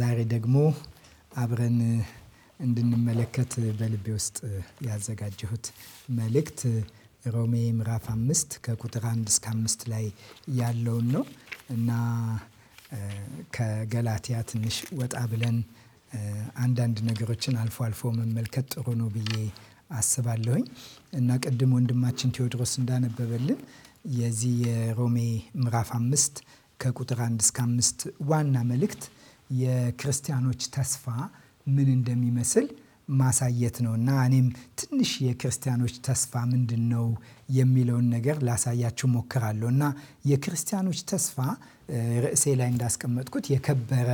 ዛሬ ደግሞ አብረን እንድንመለከት በልቤ ውስጥ ያዘጋጀሁት መልእክት ሮሜ ምዕራፍ አምስት ከቁጥር አንድ እስከ አምስት ላይ ያለውን ነው እና ከገላትያ ትንሽ ወጣ ብለን አንዳንድ ነገሮችን አልፎ አልፎ መመልከት ጥሩ ነው ብዬ አስባለሁኝ እና ቅድም ወንድማችን ቴዎድሮስ እንዳነበበልን የዚህ የሮሜ ምዕራፍ አምስት ከቁጥር አንድ እስከ አምስት ዋና መልእክት የክርስቲያኖች ተስፋ ምን እንደሚመስል ማሳየት ነው እና እኔም ትንሽ የክርስቲያኖች ተስፋ ምንድን ነው የሚለውን ነገር ላሳያችሁ ሞክራለሁ እና የክርስቲያኖች ተስፋ ርዕሴ ላይ እንዳስቀመጥኩት የከበረ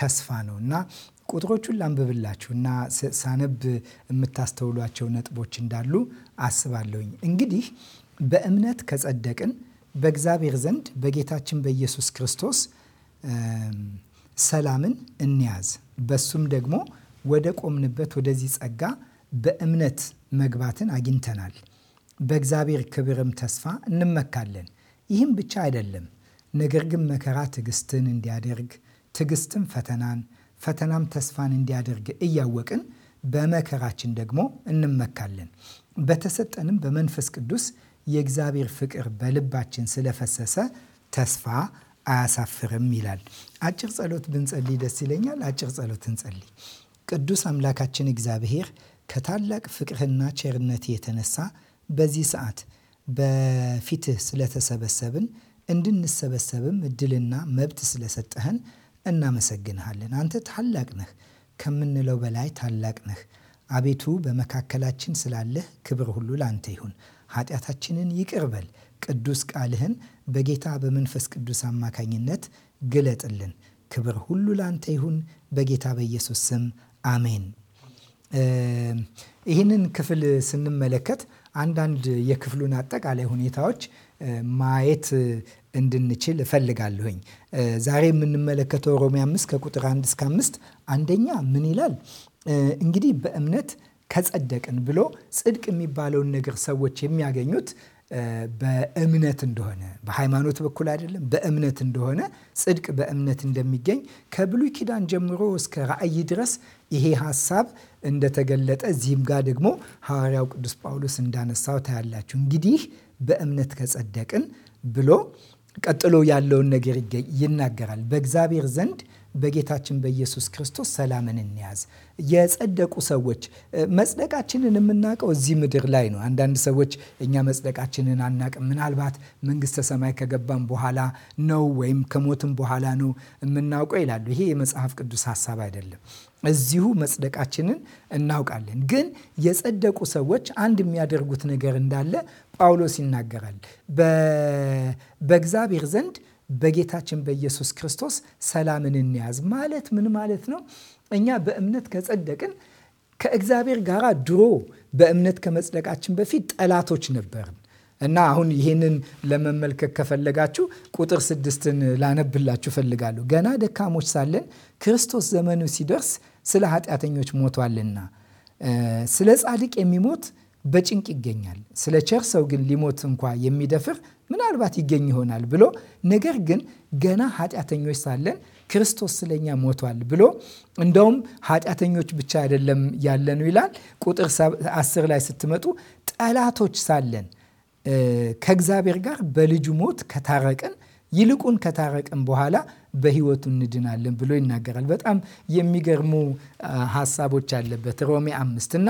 ተስፋ ነው እና ቁጥሮቹን ላንብብላችሁ እና ሳነብ የምታስተውሏቸው ነጥቦች እንዳሉ አስባለሁኝ። እንግዲህ በእምነት ከጸደቅን በእግዚአብሔር ዘንድ በጌታችን በኢየሱስ ክርስቶስ ሰላምን እንያዝ። በሱም ደግሞ ወደ ቆምንበት ወደዚህ ጸጋ በእምነት መግባትን አግኝተናል። በእግዚአብሔር ክብርም ተስፋ እንመካለን። ይህም ብቻ አይደለም፣ ነገር ግን መከራ ትዕግስትን እንዲያደርግ፣ ትዕግስትም ፈተናን፣ ፈተናም ተስፋን እንዲያደርግ እያወቅን በመከራችን ደግሞ እንመካለን። በተሰጠንም በመንፈስ ቅዱስ የእግዚአብሔር ፍቅር በልባችን ስለፈሰሰ ተስፋ አያሳፍርም ይላል። አጭር ጸሎት ብንጸልይ ደስ ይለኛል። አጭር ጸሎት እንጸልይ። ቅዱስ አምላካችን እግዚአብሔር ከታላቅ ፍቅርህና ቸርነት የተነሳ በዚህ ሰዓት በፊትህ ስለተሰበሰብን እንድንሰበሰብም እድልና መብት ስለሰጠህን እናመሰግንሃለን። አንተ ታላቅ ነህ፣ ከምንለው በላይ ታላቅ ነህ። አቤቱ በመካከላችን ስላለህ ክብር ሁሉ ለአንተ ይሁን። ኃጢአታችንን ይቅር በል ቅዱስ ቃልህን በጌታ በመንፈስ ቅዱስ አማካኝነት ግለጥልን። ክብር ሁሉ ለአንተ ይሁን፣ በጌታ በኢየሱስ ስም አሜን። ይህንን ክፍል ስንመለከት አንዳንድ የክፍሉን አጠቃላይ ሁኔታዎች ማየት እንድንችል እፈልጋለሁኝ። ዛሬ የምንመለከተው ሮሜ 5 ከቁጥር 1 እስከ 5 አንደኛ ምን ይላል? እንግዲህ በእምነት ከጸደቅን ብሎ ጽድቅ የሚባለውን ነገር ሰዎች የሚያገኙት በእምነት እንደሆነ በሃይማኖት በኩል አይደለም፣ በእምነት እንደሆነ ጽድቅ በእምነት እንደሚገኝ ከብሉይ ኪዳን ጀምሮ እስከ ራእይ ድረስ ይሄ ሀሳብ እንደተገለጠ እዚህም ጋር ደግሞ ሐዋርያው ቅዱስ ጳውሎስ እንዳነሳው ታያላችሁ። እንግዲህ በእምነት ከጸደቅን ብሎ ቀጥሎ ያለውን ነገር ይናገራል። በእግዚአብሔር ዘንድ በጌታችን በኢየሱስ ክርስቶስ ሰላምን እንያዝ። የጸደቁ ሰዎች መጽደቃችንን የምናውቀው እዚህ ምድር ላይ ነው። አንዳንድ ሰዎች እኛ መጽደቃችንን አናቅም፣ ምናልባት መንግስተ ሰማይ ከገባም በኋላ ነው ወይም ከሞትም በኋላ ነው የምናውቀው ይላሉ። ይሄ የመጽሐፍ ቅዱስ ሀሳብ አይደለም። እዚሁ መጽደቃችንን እናውቃለን። ግን የጸደቁ ሰዎች አንድ የሚያደርጉት ነገር እንዳለ ጳውሎስ ይናገራል በእግዚአብሔር ዘንድ በጌታችን በኢየሱስ ክርስቶስ ሰላምን እንያዝ ማለት ምን ማለት ነው? እኛ በእምነት ከጸደቅን ከእግዚአብሔር ጋር ድሮ በእምነት ከመጽደቃችን በፊት ጠላቶች ነበርን እና አሁን ይህንን ለመመልከት ከፈለጋችሁ ቁጥር ስድስትን ላነብላችሁ ፈልጋለሁ። ገና ደካሞች ሳለን ክርስቶስ ዘመኑ ሲደርስ ስለ ኃጢአተኞች ሞቷልና ስለ ጻድቅ የሚሞት በጭንቅ ይገኛል። ስለ ቸር ሰው ግን ሊሞት እንኳ የሚደፍር ምናልባት ይገኝ ይሆናል ብሎ ነገር ግን ገና ኃጢአተኞች ሳለን ክርስቶስ ስለኛ ሞቷል ብሎ እንደውም ኃጢአተኞች ብቻ አይደለም ያለን ይላል። ቁጥር አስር ላይ ስትመጡ ጠላቶች ሳለን ከእግዚአብሔር ጋር በልጁ ሞት ከታረቅን ይልቁን ከታረቅን በኋላ በህይወቱ እንድናለን ብሎ ይናገራል። በጣም የሚገርሙ ሀሳቦች አለበት ሮሜ አምስት እና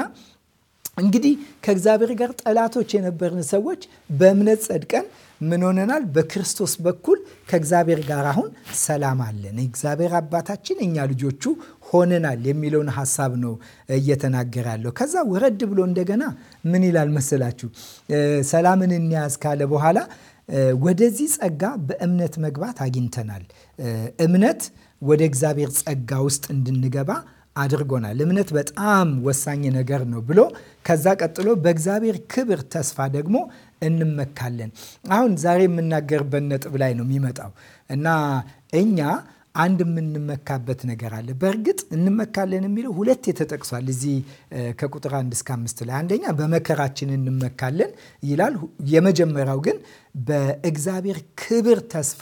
እንግዲህ ከእግዚአብሔር ጋር ጠላቶች የነበርን ሰዎች በእምነት ጸድቀን ምን ሆነናል? በክርስቶስ በኩል ከእግዚአብሔር ጋር አሁን ሰላም አለን። እግዚአብሔር አባታችን እኛ ልጆቹ ሆነናል የሚለውን ሀሳብ ነው እየተናገረ ያለው። ከዛ ወረድ ብሎ እንደገና ምን ይላል መሰላችሁ? ሰላምን እንያዝ ካለ በኋላ ወደዚህ ጸጋ በእምነት መግባት አግኝተናል። እምነት ወደ እግዚአብሔር ጸጋ ውስጥ እንድንገባ አድርጎናል። እምነት በጣም ወሳኝ ነገር ነው ብሎ ከዛ ቀጥሎ በእግዚአብሔር ክብር ተስፋ ደግሞ እንመካለን። አሁን ዛሬ የምናገርበት ነጥብ ላይ ነው የሚመጣው እና እኛ አንድ የምንመካበት ነገር አለ። በእርግጥ እንመካለን የሚለው ሁለት ተጠቅሷል እዚህ ከቁጥር አንድ እስከ አምስት ላይ። አንደኛ በመከራችን እንመካለን ይላል። የመጀመሪያው ግን በእግዚአብሔር ክብር ተስፋ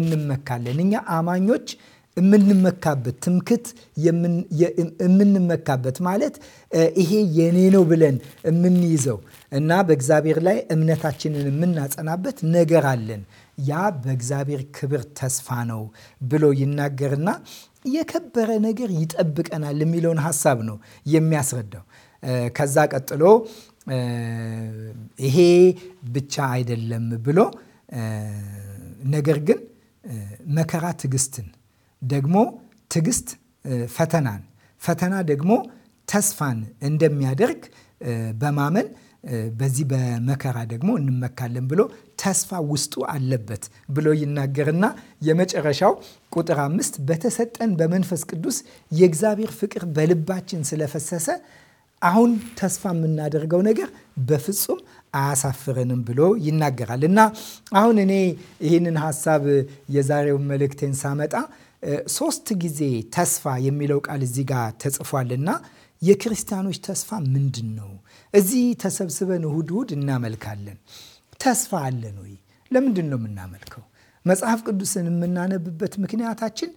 እንመካለን እኛ አማኞች የምንመካበት ትምክት የምንመካበት ማለት ይሄ የኔ ነው ብለን የምንይዘው እና በእግዚአብሔር ላይ እምነታችንን የምናጸናበት ነገር አለን። ያ በእግዚአብሔር ክብር ተስፋ ነው ብሎ ይናገርና የከበረ ነገር ይጠብቀናል የሚለውን ሀሳብ ነው የሚያስረዳው። ከዛ ቀጥሎ ይሄ ብቻ አይደለም ብሎ ነገር ግን መከራ ትዕግስትን ደግሞ ትዕግስት ፈተናን፣ ፈተና ደግሞ ተስፋን እንደሚያደርግ በማመን በዚህ በመከራ ደግሞ እንመካለን ብሎ ተስፋ ውስጡ አለበት ብሎ ይናገርና የመጨረሻው ቁጥር አምስት በተሰጠን በመንፈስ ቅዱስ የእግዚአብሔር ፍቅር በልባችን ስለፈሰሰ አሁን ተስፋ የምናደርገው ነገር በፍጹም አያሳፍረንም ብሎ ይናገራል እና አሁን እኔ ይህንን ሀሳብ የዛሬውን መልእክቴን ሳመጣ ሶስት ጊዜ ተስፋ የሚለው ቃል እዚህ ጋር ተጽፏልና የክርስቲያኖች ተስፋ ምንድን ነው? እዚህ ተሰብስበን እሁድ እሁድ እናመልካለን። ተስፋ አለን ወይ? ለምንድን ነው የምናመልከው? መጽሐፍ ቅዱስን የምናነብበት ምክንያታችን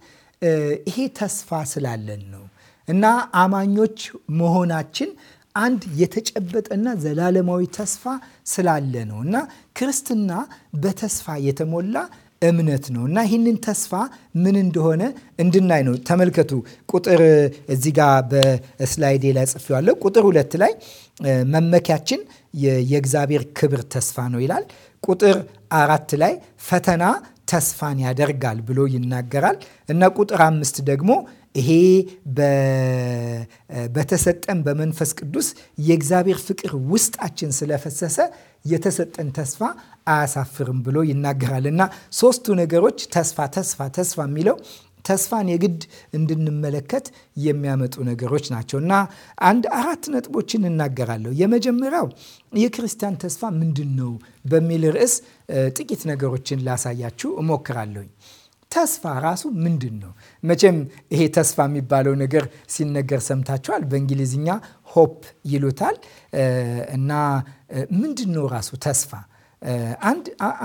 ይሄ ተስፋ ስላለን ነው እና አማኞች መሆናችን አንድ የተጨበጠና ዘላለማዊ ተስፋ ስላለ ነው እና ክርስትና በተስፋ የተሞላ እምነት ነው እና ይህንን ተስፋ ምን እንደሆነ እንድናይ ነው። ተመልከቱ ቁጥር እዚህ ጋር በስላይዴ ላይ ጽፌዋለሁ። ቁጥር ሁለት ላይ መመኪያችን የእግዚአብሔር ክብር ተስፋ ነው ይላል። ቁጥር አራት ላይ ፈተና ተስፋን ያደርጋል ብሎ ይናገራል እና ቁጥር አምስት ደግሞ ይሄ በተሰጠን በመንፈስ ቅዱስ የእግዚአብሔር ፍቅር ውስጣችን ስለፈሰሰ የተሰጠን ተስፋ አያሳፍርም ብሎ ይናገራል እና ሶስቱ ነገሮች ተስፋ ተስፋ ተስፋ የሚለው ተስፋን የግድ እንድንመለከት የሚያመጡ ነገሮች ናቸው እና አንድ አራት ነጥቦችን እናገራለሁ። የመጀመሪያው የክርስቲያን ተስፋ ምንድን ነው በሚል ርዕስ ጥቂት ነገሮችን ላሳያችሁ እሞክራለሁኝ። ተስፋ ራሱ ምንድን ነው? መቼም ይሄ ተስፋ የሚባለው ነገር ሲነገር ሰምታችኋል። በእንግሊዝኛ ሆፕ ይሉታል እና ምንድን ነው ራሱ ተስፋ?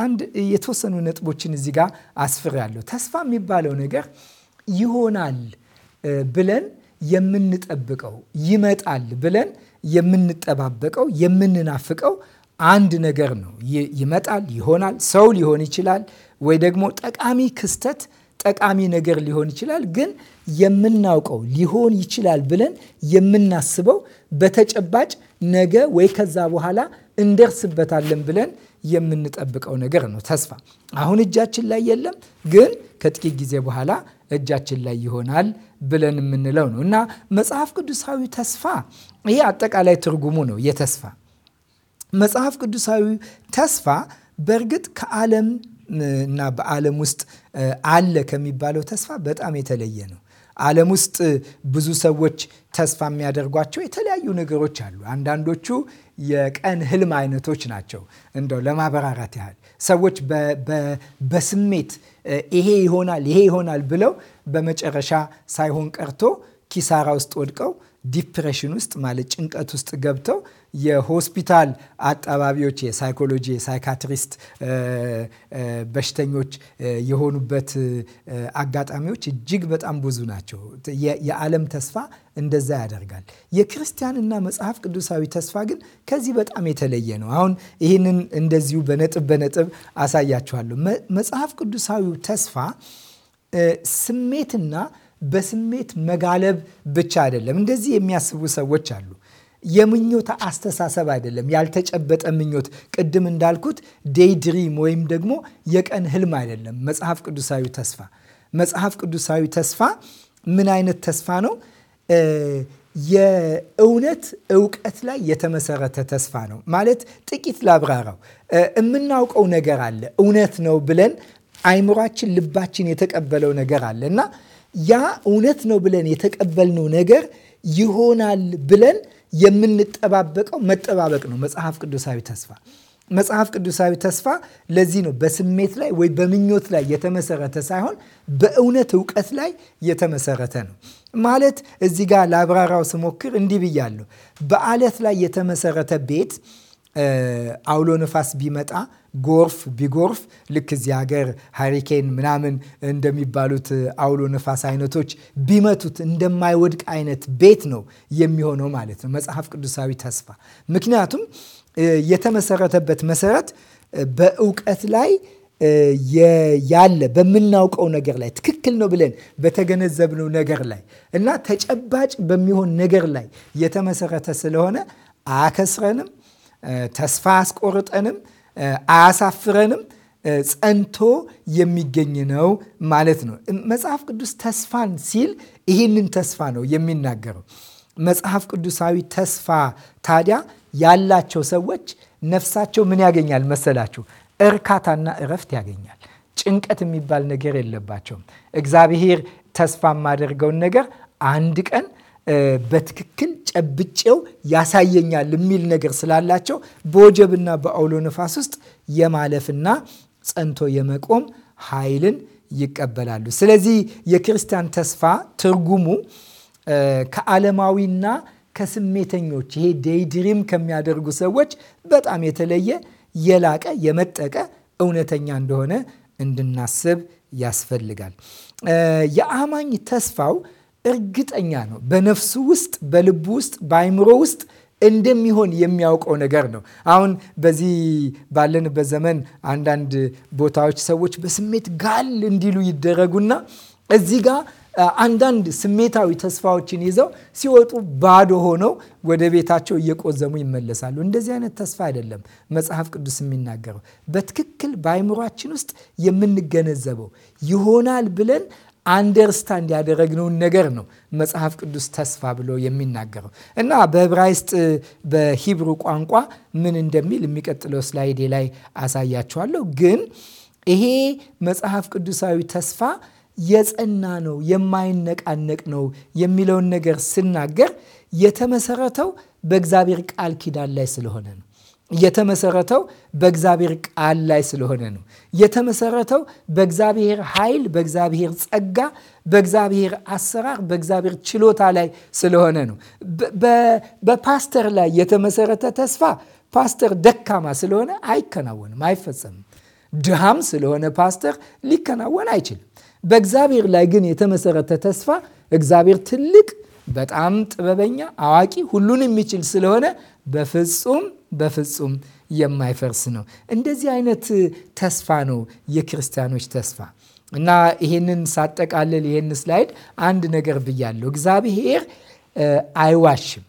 አንድ የተወሰኑ ነጥቦችን እዚህ ጋር አስፍሬያለሁ። ተስፋ የሚባለው ነገር ይሆናል ብለን የምንጠብቀው ይመጣል ብለን የምንጠባበቀው የምንናፍቀው አንድ ነገር ነው። ይመጣል፣ ይሆናል፣ ሰው ሊሆን ይችላል፣ ወይ ደግሞ ጠቃሚ ክስተት ጠቃሚ ነገር ሊሆን ይችላል። ግን የምናውቀው ሊሆን ይችላል ብለን የምናስበው በተጨባጭ ነገ ወይ ከዛ በኋላ እንደርስበታለን ብለን የምንጠብቀው ነገር ነው ተስፋ። አሁን እጃችን ላይ የለም፣ ግን ከጥቂት ጊዜ በኋላ እጃችን ላይ ይሆናል ብለን የምንለው ነው እና መጽሐፍ ቅዱሳዊ ተስፋ ይህ አጠቃላይ ትርጉሙ ነው የተስፋ መጽሐፍ ቅዱሳዊ ተስፋ በእርግጥ ከዓለም እና በዓለም ውስጥ አለ ከሚባለው ተስፋ በጣም የተለየ ነው። ዓለም ውስጥ ብዙ ሰዎች ተስፋ የሚያደርጓቸው የተለያዩ ነገሮች አሉ። አንዳንዶቹ የቀን ህልም አይነቶች ናቸው። እንደው ለማብራራት ያህል ሰዎች በስሜት ይሄ ይሆናል ይሄ ይሆናል ብለው በመጨረሻ ሳይሆን ቀርቶ ኪሳራ ውስጥ ወድቀው ዲፕሬሽን ውስጥ ማለት ጭንቀት ውስጥ ገብተው የሆስፒታል አጠባቢዎች የሳይኮሎጂ የሳይካትሪስት በሽተኞች የሆኑበት አጋጣሚዎች እጅግ በጣም ብዙ ናቸው። የዓለም ተስፋ እንደዛ ያደርጋል። የክርስቲያንና መጽሐፍ ቅዱሳዊ ተስፋ ግን ከዚህ በጣም የተለየ ነው። አሁን ይህንን እንደዚሁ በነጥብ በነጥብ አሳያችኋለሁ። መጽሐፍ ቅዱሳዊው ተስፋ ስሜትና በስሜት መጋለብ ብቻ አይደለም። እንደዚህ የሚያስቡ ሰዎች አሉ። የምኞት አስተሳሰብ አይደለም። ያልተጨበጠ ምኞት ቅድም እንዳልኩት ዴይ ድሪም ወይም ደግሞ የቀን ህልም አይደለም። መጽሐፍ ቅዱሳዊ ተስፋ መጽሐፍ ቅዱሳዊ ተስፋ ምን አይነት ተስፋ ነው? የእውነት እውቀት ላይ የተመሰረተ ተስፋ ነው። ማለት ጥቂት ላብራራው። የምናውቀው ነገር አለ፣ እውነት ነው ብለን አይምሯችን፣ ልባችን የተቀበለው ነገር አለ እና ያ እውነት ነው ብለን የተቀበልነው ነገር ይሆናል ብለን የምንጠባበቀው መጠባበቅ ነው። መጽሐፍ ቅዱሳዊ ተስፋ መጽሐፍ ቅዱሳዊ ተስፋ ለዚህ ነው በስሜት ላይ ወይ በምኞት ላይ የተመሰረተ ሳይሆን በእውነት እውቀት ላይ የተመሰረተ ነው። ማለት እዚህ ጋር ለአብራራው ስሞክር እንዲህ ብያለሁ። በአለት ላይ የተመሰረተ ቤት አውሎ ነፋስ ቢመጣ ጎርፍ ቢጎርፍ ልክ እዚህ ሀገር ሃሪኬን ምናምን እንደሚባሉት አውሎ ነፋስ አይነቶች ቢመቱት እንደማይወድቅ አይነት ቤት ነው የሚሆነው ማለት ነው መጽሐፍ ቅዱሳዊ ተስፋ። ምክንያቱም የተመሰረተበት መሰረት በእውቀት ላይ ያለ በምናውቀው ነገር ላይ ትክክል ነው ብለን በተገነዘብነው ነገር ላይ እና ተጨባጭ በሚሆን ነገር ላይ የተመሰረተ ስለሆነ አያከስረንም፣ ተስፋ አያስቆርጠንም አያሳፍረንም፣ ጸንቶ የሚገኝ ነው ማለት ነው። መጽሐፍ ቅዱስ ተስፋን ሲል ይህንን ተስፋ ነው የሚናገረው። መጽሐፍ ቅዱሳዊ ተስፋ ታዲያ ያላቸው ሰዎች ነፍሳቸው ምን ያገኛል መሰላችሁ? እርካታና እረፍት ያገኛል። ጭንቀት የሚባል ነገር የለባቸውም። እግዚአብሔር ተስፋ የማደርገውን ነገር አንድ ቀን በትክክል ጨብጬው ያሳየኛል የሚል ነገር ስላላቸው በወጀብና በአውሎ ነፋስ ውስጥ የማለፍና ጸንቶ የመቆም ኃይልን ይቀበላሉ። ስለዚህ የክርስቲያን ተስፋ ትርጉሙ ከዓለማዊና ከስሜተኞች ይሄ ዴይድሪም ከሚያደርጉ ሰዎች በጣም የተለየ የላቀ የመጠቀ እውነተኛ እንደሆነ እንድናስብ ያስፈልጋል። የአማኝ ተስፋው እርግጠኛ ነው። በነፍሱ ውስጥ፣ በልቡ ውስጥ፣ በአይምሮ ውስጥ እንደሚሆን የሚያውቀው ነገር ነው። አሁን በዚህ ባለንበት ዘመን አንዳንድ ቦታዎች ሰዎች በስሜት ጋል እንዲሉ ይደረጉና እዚህ ጋር አንዳንድ ስሜታዊ ተስፋዎችን ይዘው ሲወጡ ባዶ ሆነው ወደ ቤታቸው እየቆዘሙ ይመለሳሉ። እንደዚህ አይነት ተስፋ አይደለም መጽሐፍ ቅዱስ የሚናገረው። በትክክል በአይምሯችን ውስጥ የምንገነዘበው ይሆናል ብለን አንደርስታንድ ያደረግነውን ነገር ነው መጽሐፍ ቅዱስ ተስፋ ብሎ የሚናገረው እና በዕብራይስጥ በሂብሩ ቋንቋ ምን እንደሚል የሚቀጥለው ስላይዴ ላይ አሳያችኋለሁ። ግን ይሄ መጽሐፍ ቅዱሳዊ ተስፋ የጸና ነው፣ የማይነቃነቅ ነው የሚለውን ነገር ስናገር የተመሰረተው በእግዚአብሔር ቃል ኪዳን ላይ ስለሆነ ነው። የተመሰረተው በእግዚአብሔር ቃል ላይ ስለሆነ ነው። የተመሰረተው በእግዚአብሔር ኃይል፣ በእግዚአብሔር ጸጋ፣ በእግዚአብሔር አሰራር፣ በእግዚአብሔር ችሎታ ላይ ስለሆነ ነው። በፓስተር ላይ የተመሰረተ ተስፋ ፓስተር ደካማ ስለሆነ አይከናወንም፣ አይፈጸምም። ድሃም ስለሆነ ፓስተር ሊከናወን አይችልም። በእግዚአብሔር ላይ ግን የተመሰረተ ተስፋ እግዚአብሔር ትልቅ፣ በጣም ጥበበኛ፣ አዋቂ፣ ሁሉን የሚችል ስለሆነ በፍጹም በፍጹም የማይፈርስ ነው። እንደዚህ አይነት ተስፋ ነው የክርስቲያኖች ተስፋ። እና ይሄንን ሳጠቃልል ይሄን ስላይድ አንድ ነገር ብያለሁ። እግዚአብሔር አይዋሽም።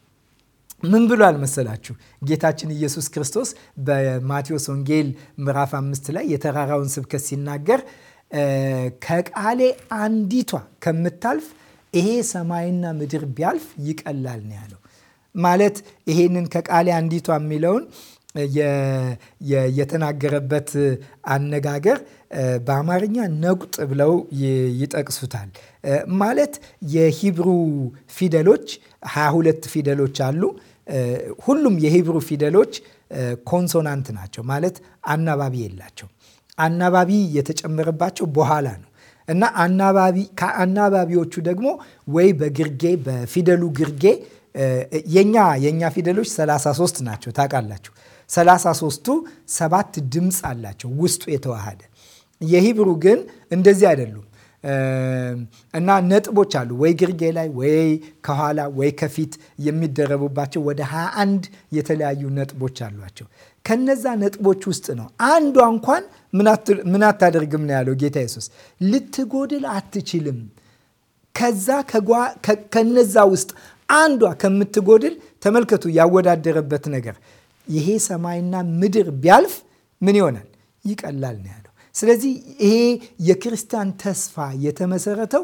ምን ብሎ አልመሰላችሁ ጌታችን ኢየሱስ ክርስቶስ በማቴዎስ ወንጌል ምዕራፍ አምስት ላይ የተራራውን ስብከት ሲናገር ከቃሌ አንዲቷ ከምታልፍ ይሄ ሰማይና ምድር ቢያልፍ ይቀላል ነው ያለው። ማለት ይሄንን ከቃሌ አንዲቷ የሚለውን የተናገረበት አነጋገር በአማርኛ ነቁጥ ብለው ይጠቅሱታል። ማለት የሂብሩ ፊደሎች 22 ፊደሎች አሉ። ሁሉም የሂብሩ ፊደሎች ኮንሶናንት ናቸው፣ ማለት አናባቢ የላቸው። አናባቢ የተጨመረባቸው በኋላ ነው እና አናባቢ ከአናባቢዎቹ ደግሞ ወይ በግርጌ በፊደሉ ግርጌ የኛ የእኛ ፊደሎች 33 ናቸው ታውቃላችሁ። 33ቱ ሰባት ድምፅ አላቸው ውስጡ የተዋሃደ። የሂብሩ ግን እንደዚህ አይደሉም እና ነጥቦች አሉ ወይ ግርጌ ላይ ወይ ከኋላ ወይ ከፊት የሚደረቡባቸው ወደ 21 የተለያዩ ነጥቦች አሏቸው። ከነዛ ነጥቦች ውስጥ ነው አንዷ እንኳን ምን አታደርግም ነው ያለው ጌታ ኢየሱስ። ልትጎድል አትችልም። ከዛ ከነዛ ውስጥ አንዷ ከምትጎድል ተመልከቱ ያወዳደረበት ነገር ይሄ ሰማይና ምድር ቢያልፍ ምን ይሆናል? ይቀላል ነው ያለው። ስለዚህ ይሄ የክርስቲያን ተስፋ የተመሰረተው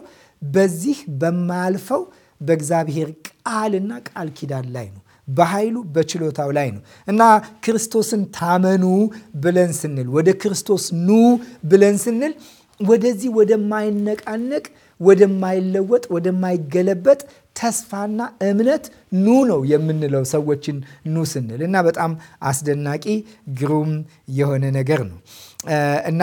በዚህ በማያልፈው በእግዚአብሔር ቃልና ቃል ኪዳን ላይ ነው። በኃይሉ በችሎታው ላይ ነው እና ክርስቶስን ታመኑ ብለን ስንል፣ ወደ ክርስቶስ ኑ ብለን ስንል ወደዚህ ወደማይነቃነቅ፣ ወደማይለወጥ፣ ወደማይገለበጥ ተስፋና እምነት ኑ ነው የምንለው ሰዎችን ኑ ስንል እና በጣም አስደናቂ ግሩም የሆነ ነገር ነው እና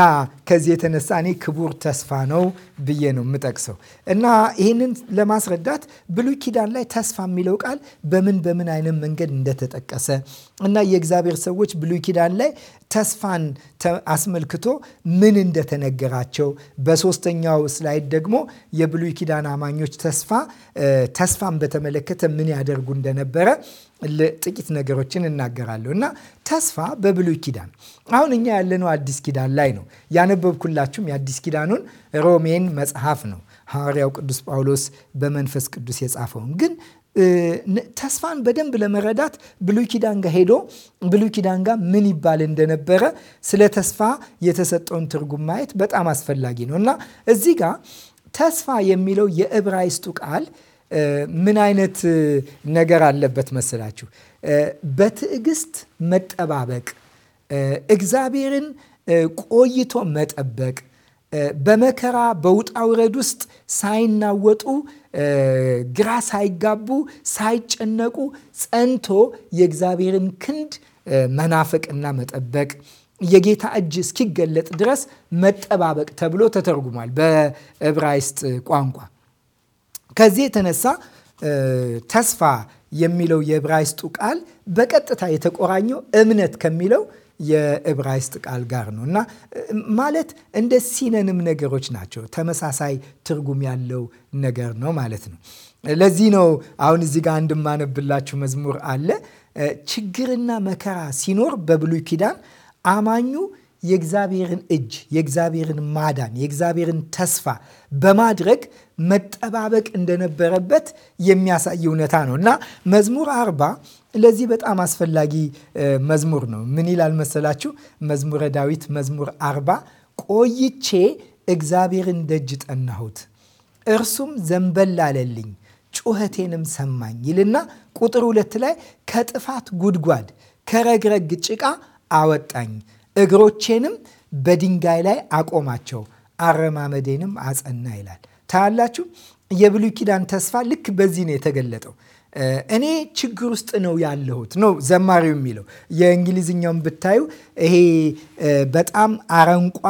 ከዚህ የተነሳ እኔ ክቡር ተስፋ ነው ብዬ ነው የምጠቅሰው እና ይህንን ለማስረዳት ብሉይ ኪዳን ላይ ተስፋ የሚለው ቃል በምን በምን አይነት መንገድ እንደተጠቀሰ እና የእግዚአብሔር ሰዎች ብሉይ ኪዳን ላይ ተስፋን አስመልክቶ ምን እንደተነገራቸው በሶስተኛው ስላይድ ደግሞ የብሉይ ኪዳን አማኞች ተስፋ ተስፋን በተመለከተ ምን ያደርጉ እንደነበረ ጥቂት ነገሮችን እናገራለሁ እና ተስፋ በብሉይ ኪዳን አሁን እኛ ያለነው አዲስ ኪዳን ላይ ነው። ያነበብኩላችሁም የአዲስ ኪዳኑን ሮሜን መጽሐፍ ነው ሐዋርያው ቅዱስ ጳውሎስ በመንፈስ ቅዱስ የጻፈውን ግን ተስፋን በደንብ ለመረዳት ብሉይ ኪዳን ጋር ሄዶ ብሉይ ኪዳን ጋር ምን ይባል እንደነበረ ስለ ተስፋ የተሰጠውን ትርጉም ማየት በጣም አስፈላጊ ነው እና እዚህ ጋር ተስፋ የሚለው የዕብራይስጡ ቃል ምን አይነት ነገር አለበት መሰላችሁ? በትዕግስት መጠባበቅ፣ እግዚአብሔርን ቆይቶ መጠበቅ በመከራ በውጣ ውረድ ውስጥ ሳይናወጡ ግራ ሳይጋቡ ሳይጨነቁ ጸንቶ የእግዚአብሔርን ክንድ መናፈቅና መጠበቅ የጌታ እጅ እስኪገለጥ ድረስ መጠባበቅ ተብሎ ተተርጉሟል በዕብራይስጥ ቋንቋ። ከዚህ የተነሳ ተስፋ የሚለው የዕብራይስጡ ቃል በቀጥታ የተቆራኘው እምነት ከሚለው የዕብራይስጥ ቃል ጋር ነው እና ማለት እንደ ሲነንም ነገሮች ናቸው። ተመሳሳይ ትርጉም ያለው ነገር ነው ማለት ነው። ለዚህ ነው አሁን እዚህ ጋር እንድማነብላችሁ መዝሙር አለ። ችግርና መከራ ሲኖር በብሉይ ኪዳን አማኙ የእግዚአብሔርን እጅ፣ የእግዚአብሔርን ማዳን፣ የእግዚአብሔርን ተስፋ በማድረግ መጠባበቅ እንደነበረበት የሚያሳይ እውነታ ነው እና መዝሙር አርባ ለዚህ በጣም አስፈላጊ መዝሙር ነው። ምን ይላል መሰላችሁ? መዝሙረ ዳዊት መዝሙር አርባ ቆይቼ እግዚአብሔርን ደጅ ጠናሁት፣ እርሱም ዘንበል አለልኝ ጩኸቴንም ሰማኝ ይልና ቁጥር ሁለት ላይ ከጥፋት ጉድጓድ ከረግረግ ጭቃ አወጣኝ እግሮቼንም በድንጋይ ላይ አቆማቸው፣ አረማመዴንም አጸና ይላል። ታያላችሁ፣ የብሉይ ኪዳን ተስፋ ልክ በዚህ ነው የተገለጠው። እኔ ችግር ውስጥ ነው ያለሁት ነው ዘማሪው የሚለው። የእንግሊዝኛውን ብታዩ ይሄ በጣም አረንቋ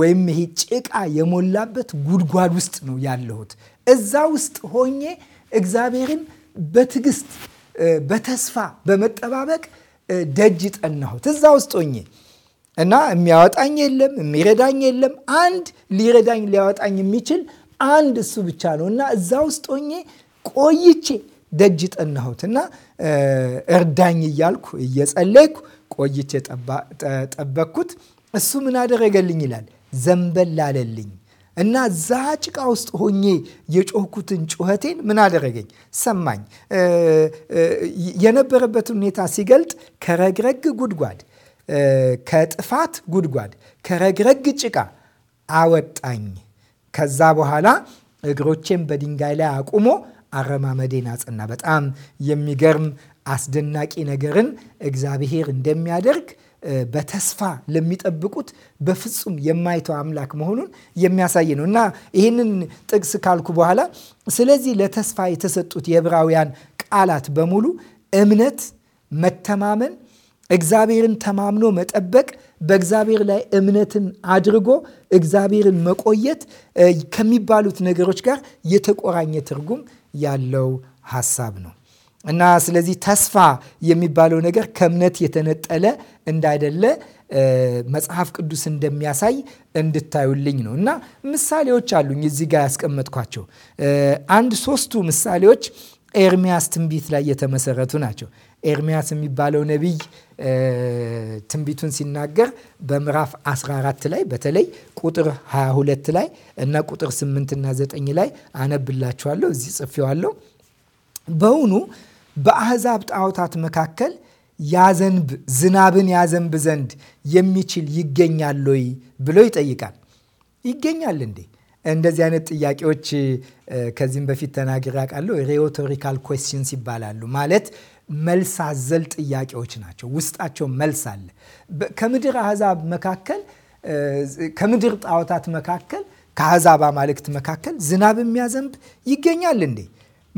ወይም ይሄ ጭቃ የሞላበት ጉድጓድ ውስጥ ነው ያለሁት። እዛ ውስጥ ሆኜ እግዚአብሔርን በትዕግስት በተስፋ በመጠባበቅ ደጅ ጠናሁት እዛ ውስጥ ሆኜ እና የሚያወጣኝ የለም፣ የሚረዳኝ የለም። አንድ ሊረዳኝ ሊያወጣኝ የሚችል አንድ እሱ ብቻ ነው እና እዛ ውስጥ ሆኜ ቆይቼ ደጅ ጠናሁት እና እርዳኝ እያልኩ እየጸለይኩ ቆይቼ ጠበቅኩት። እሱ ምን አደረገልኝ ይላል ዘንበል አለልኝ እና እዛ ጭቃ ውስጥ ሆኜ የጮህኩትን ጩኸቴን ምን አደረገኝ? ሰማኝ። የነበረበትን ሁኔታ ሲገልጥ ከረግረግ ጉድጓድ ከጥፋት ጉድጓድ ከረግረግ ጭቃ አወጣኝ። ከዛ በኋላ እግሮቼን በድንጋይ ላይ አቁሞ አረማመዴን አጸና። በጣም የሚገርም አስደናቂ ነገርን እግዚአብሔር እንደሚያደርግ በተስፋ ለሚጠብቁት በፍጹም የማይተው አምላክ መሆኑን የሚያሳይ ነው እና ይህንን ጥቅስ ካልኩ በኋላ ስለዚህ ለተስፋ የተሰጡት የዕብራውያን ቃላት በሙሉ እምነት፣ መተማመን፣ እግዚአብሔርን ተማምኖ መጠበቅ፣ በእግዚአብሔር ላይ እምነትን አድርጎ እግዚአብሔርን መቆየት ከሚባሉት ነገሮች ጋር የተቆራኘ ትርጉም ያለው ሀሳብ ነው እና ስለዚህ ተስፋ የሚባለው ነገር ከእምነት የተነጠለ እንዳይደለ መጽሐፍ ቅዱስ እንደሚያሳይ እንድታዩልኝ ነው እና ምሳሌዎች አሉኝ እዚህ ጋር ያስቀመጥኳቸው አንድ ሶስቱ ምሳሌዎች ኤርሚያስ ትንቢት ላይ የተመሰረቱ ናቸው። ኤርሚያስ የሚባለው ነቢይ ትንቢቱን ሲናገር በምዕራፍ 14 ላይ በተለይ ቁጥር 22 ላይ እና ቁጥር 8 እና 9 ላይ አነብላችኋለሁ። እዚህ ጽፌዋለሁ። በውኑ በአሕዛብ ጣዖታት መካከል ያዘንብ ዝናብን ያዘንብ ዘንድ የሚችል ይገኛል ወይ ብሎ ይጠይቃል። ይገኛል እንዴ? እንደዚህ አይነት ጥያቄዎች ከዚህም በፊት ተናግሬ አውቃለሁ። ሬቶሪካል ኩዌስችንስ ይባላሉ ማለት መልስ አዘል ጥያቄዎች ናቸው። ውስጣቸው መልስ አለ። ከምድር አህዛብ መካከል ከምድር ጣዖታት መካከል ከአህዛብ አማልክት መካከል ዝናብ የሚያዘንብ ይገኛል እንዴ?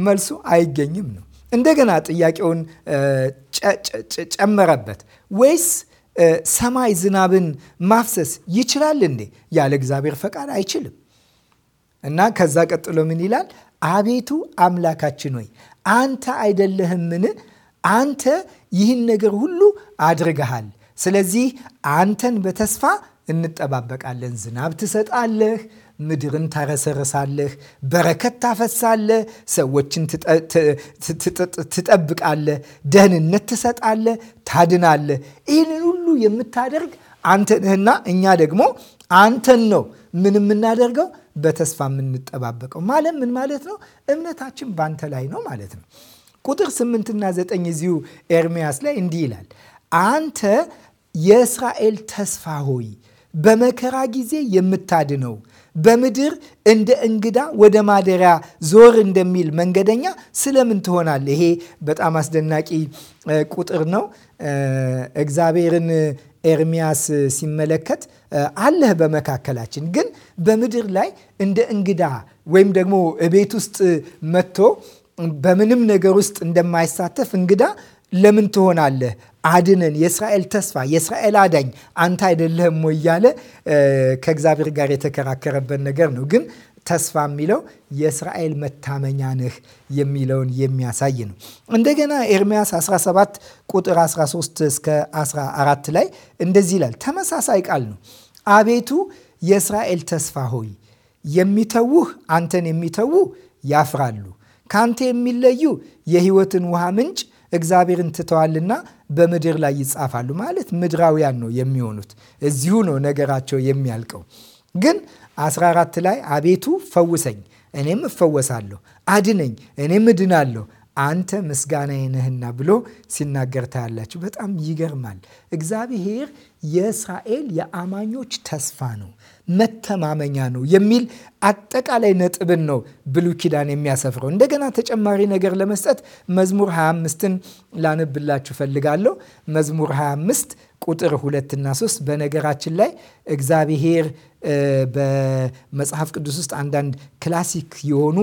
መልሱ አይገኝም ነው። እንደገና ጥያቄውን ጨመረበት። ወይስ ሰማይ ዝናብን ማፍሰስ ይችላል እንዴ? ያለ እግዚአብሔር ፈቃድ አይችልም። እና ከዛ ቀጥሎ ምን ይላል? አቤቱ አምላካችን ሆይ አንተ አይደለህምን አንተ ይህን ነገር ሁሉ አድርገሃል። ስለዚህ አንተን በተስፋ እንጠባበቃለን። ዝናብ ትሰጣለህ፣ ምድርን ታረሰርሳለህ፣ በረከት ታፈሳለህ፣ ሰዎችን ትጠብቃለህ፣ ደህንነት ትሰጣለህ፣ ታድናለህ። ይህንን ሁሉ የምታደርግ አንተ ነህና እኛ ደግሞ አንተን ነው ምን የምናደርገው በተስፋ የምንጠባበቀው። ማለት ምን ማለት ነው? እምነታችን በአንተ ላይ ነው ማለት ነው። ቁጥር ስምንትና ዘጠኝ እዚሁ ኤርሚያስ ላይ እንዲህ ይላል፣ አንተ የእስራኤል ተስፋ ሆይ በመከራ ጊዜ የምታድነው በምድር እንደ እንግዳ ወደ ማደሪያ ዞር እንደሚል መንገደኛ ስለምን ትሆናል? ይሄ በጣም አስደናቂ ቁጥር ነው። እግዚአብሔርን ኤርሚያስ ሲመለከት አለህ በመካከላችን፣ ግን በምድር ላይ እንደ እንግዳ ወይም ደግሞ ቤት ውስጥ መጥቶ በምንም ነገር ውስጥ እንደማይሳተፍ እንግዳ ለምን ትሆናለህ? አድነን፣ የእስራኤል ተስፋ፣ የእስራኤል አዳኝ አንተ አይደለህም ወይ እያለ ከእግዚአብሔር ጋር የተከራከረበት ነገር ነው። ግን ተስፋ የሚለው የእስራኤል መታመኛ ነህ የሚለውን የሚያሳይ ነው። እንደገና ኤርሚያስ 17 ቁጥር 13 እስከ 14 ላይ እንደዚህ ይላል። ተመሳሳይ ቃል ነው። አቤቱ የእስራኤል ተስፋ ሆይ የሚተውህ አንተን የሚተዉ ያፍራሉ ካንተ የሚለዩ የህይወትን ውሃ ምንጭ እግዚአብሔርን ትተዋልና በምድር ላይ ይጻፋሉ ማለት ምድራውያን ነው የሚሆኑት። እዚሁ ነው ነገራቸው የሚያልቀው። ግን 14 ላይ አቤቱ ፈውሰኝ፣ እኔም እፈወሳለሁ፣ አድነኝ፣ እኔም እድናለሁ አንተ ምስጋናዬ ነህና ብሎ ሲናገር ታያላችሁ። በጣም ይገርማል። እግዚአብሔር የእስራኤል የአማኞች ተስፋ ነው። መተማመኛ ነው የሚል አጠቃላይ ነጥብን ነው ብሉይ ኪዳን የሚያሰፍረው። እንደገና ተጨማሪ ነገር ለመስጠት መዝሙር 25ን ላነብላችሁ ፈልጋለሁ። መዝሙር 25 ቁጥር ሁለትና ሶስት በነገራችን ላይ እግዚአብሔር በመጽሐፍ ቅዱስ ውስጥ አንዳንድ ክላሲክ የሆኑ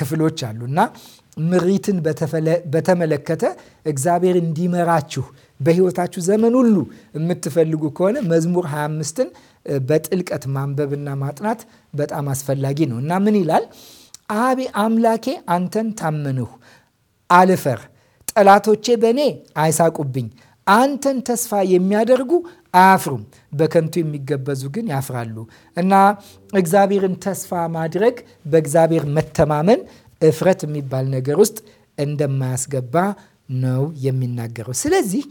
ክፍሎች አሉ እና ምሪትን በተመለከተ እግዚአብሔር እንዲመራችሁ በህይወታችሁ ዘመን ሁሉ የምትፈልጉ ከሆነ መዝሙር 25ን በጥልቀት ማንበብና ማጥናት በጣም አስፈላጊ ነው እና ምን ይላል? አቤ አምላኬ አንተን ታመንሁ፣ አልፈር። ጠላቶቼ በእኔ አይሳቁብኝ። አንተን ተስፋ የሚያደርጉ አያፍሩም፣ በከንቱ የሚገበዙ ግን ያፍራሉ። እና እግዚአብሔርን ተስፋ ማድረግ በእግዚአብሔር መተማመን እፍረት የሚባል ነገር ውስጥ እንደማያስገባ ነው የሚናገረው። ስለዚህ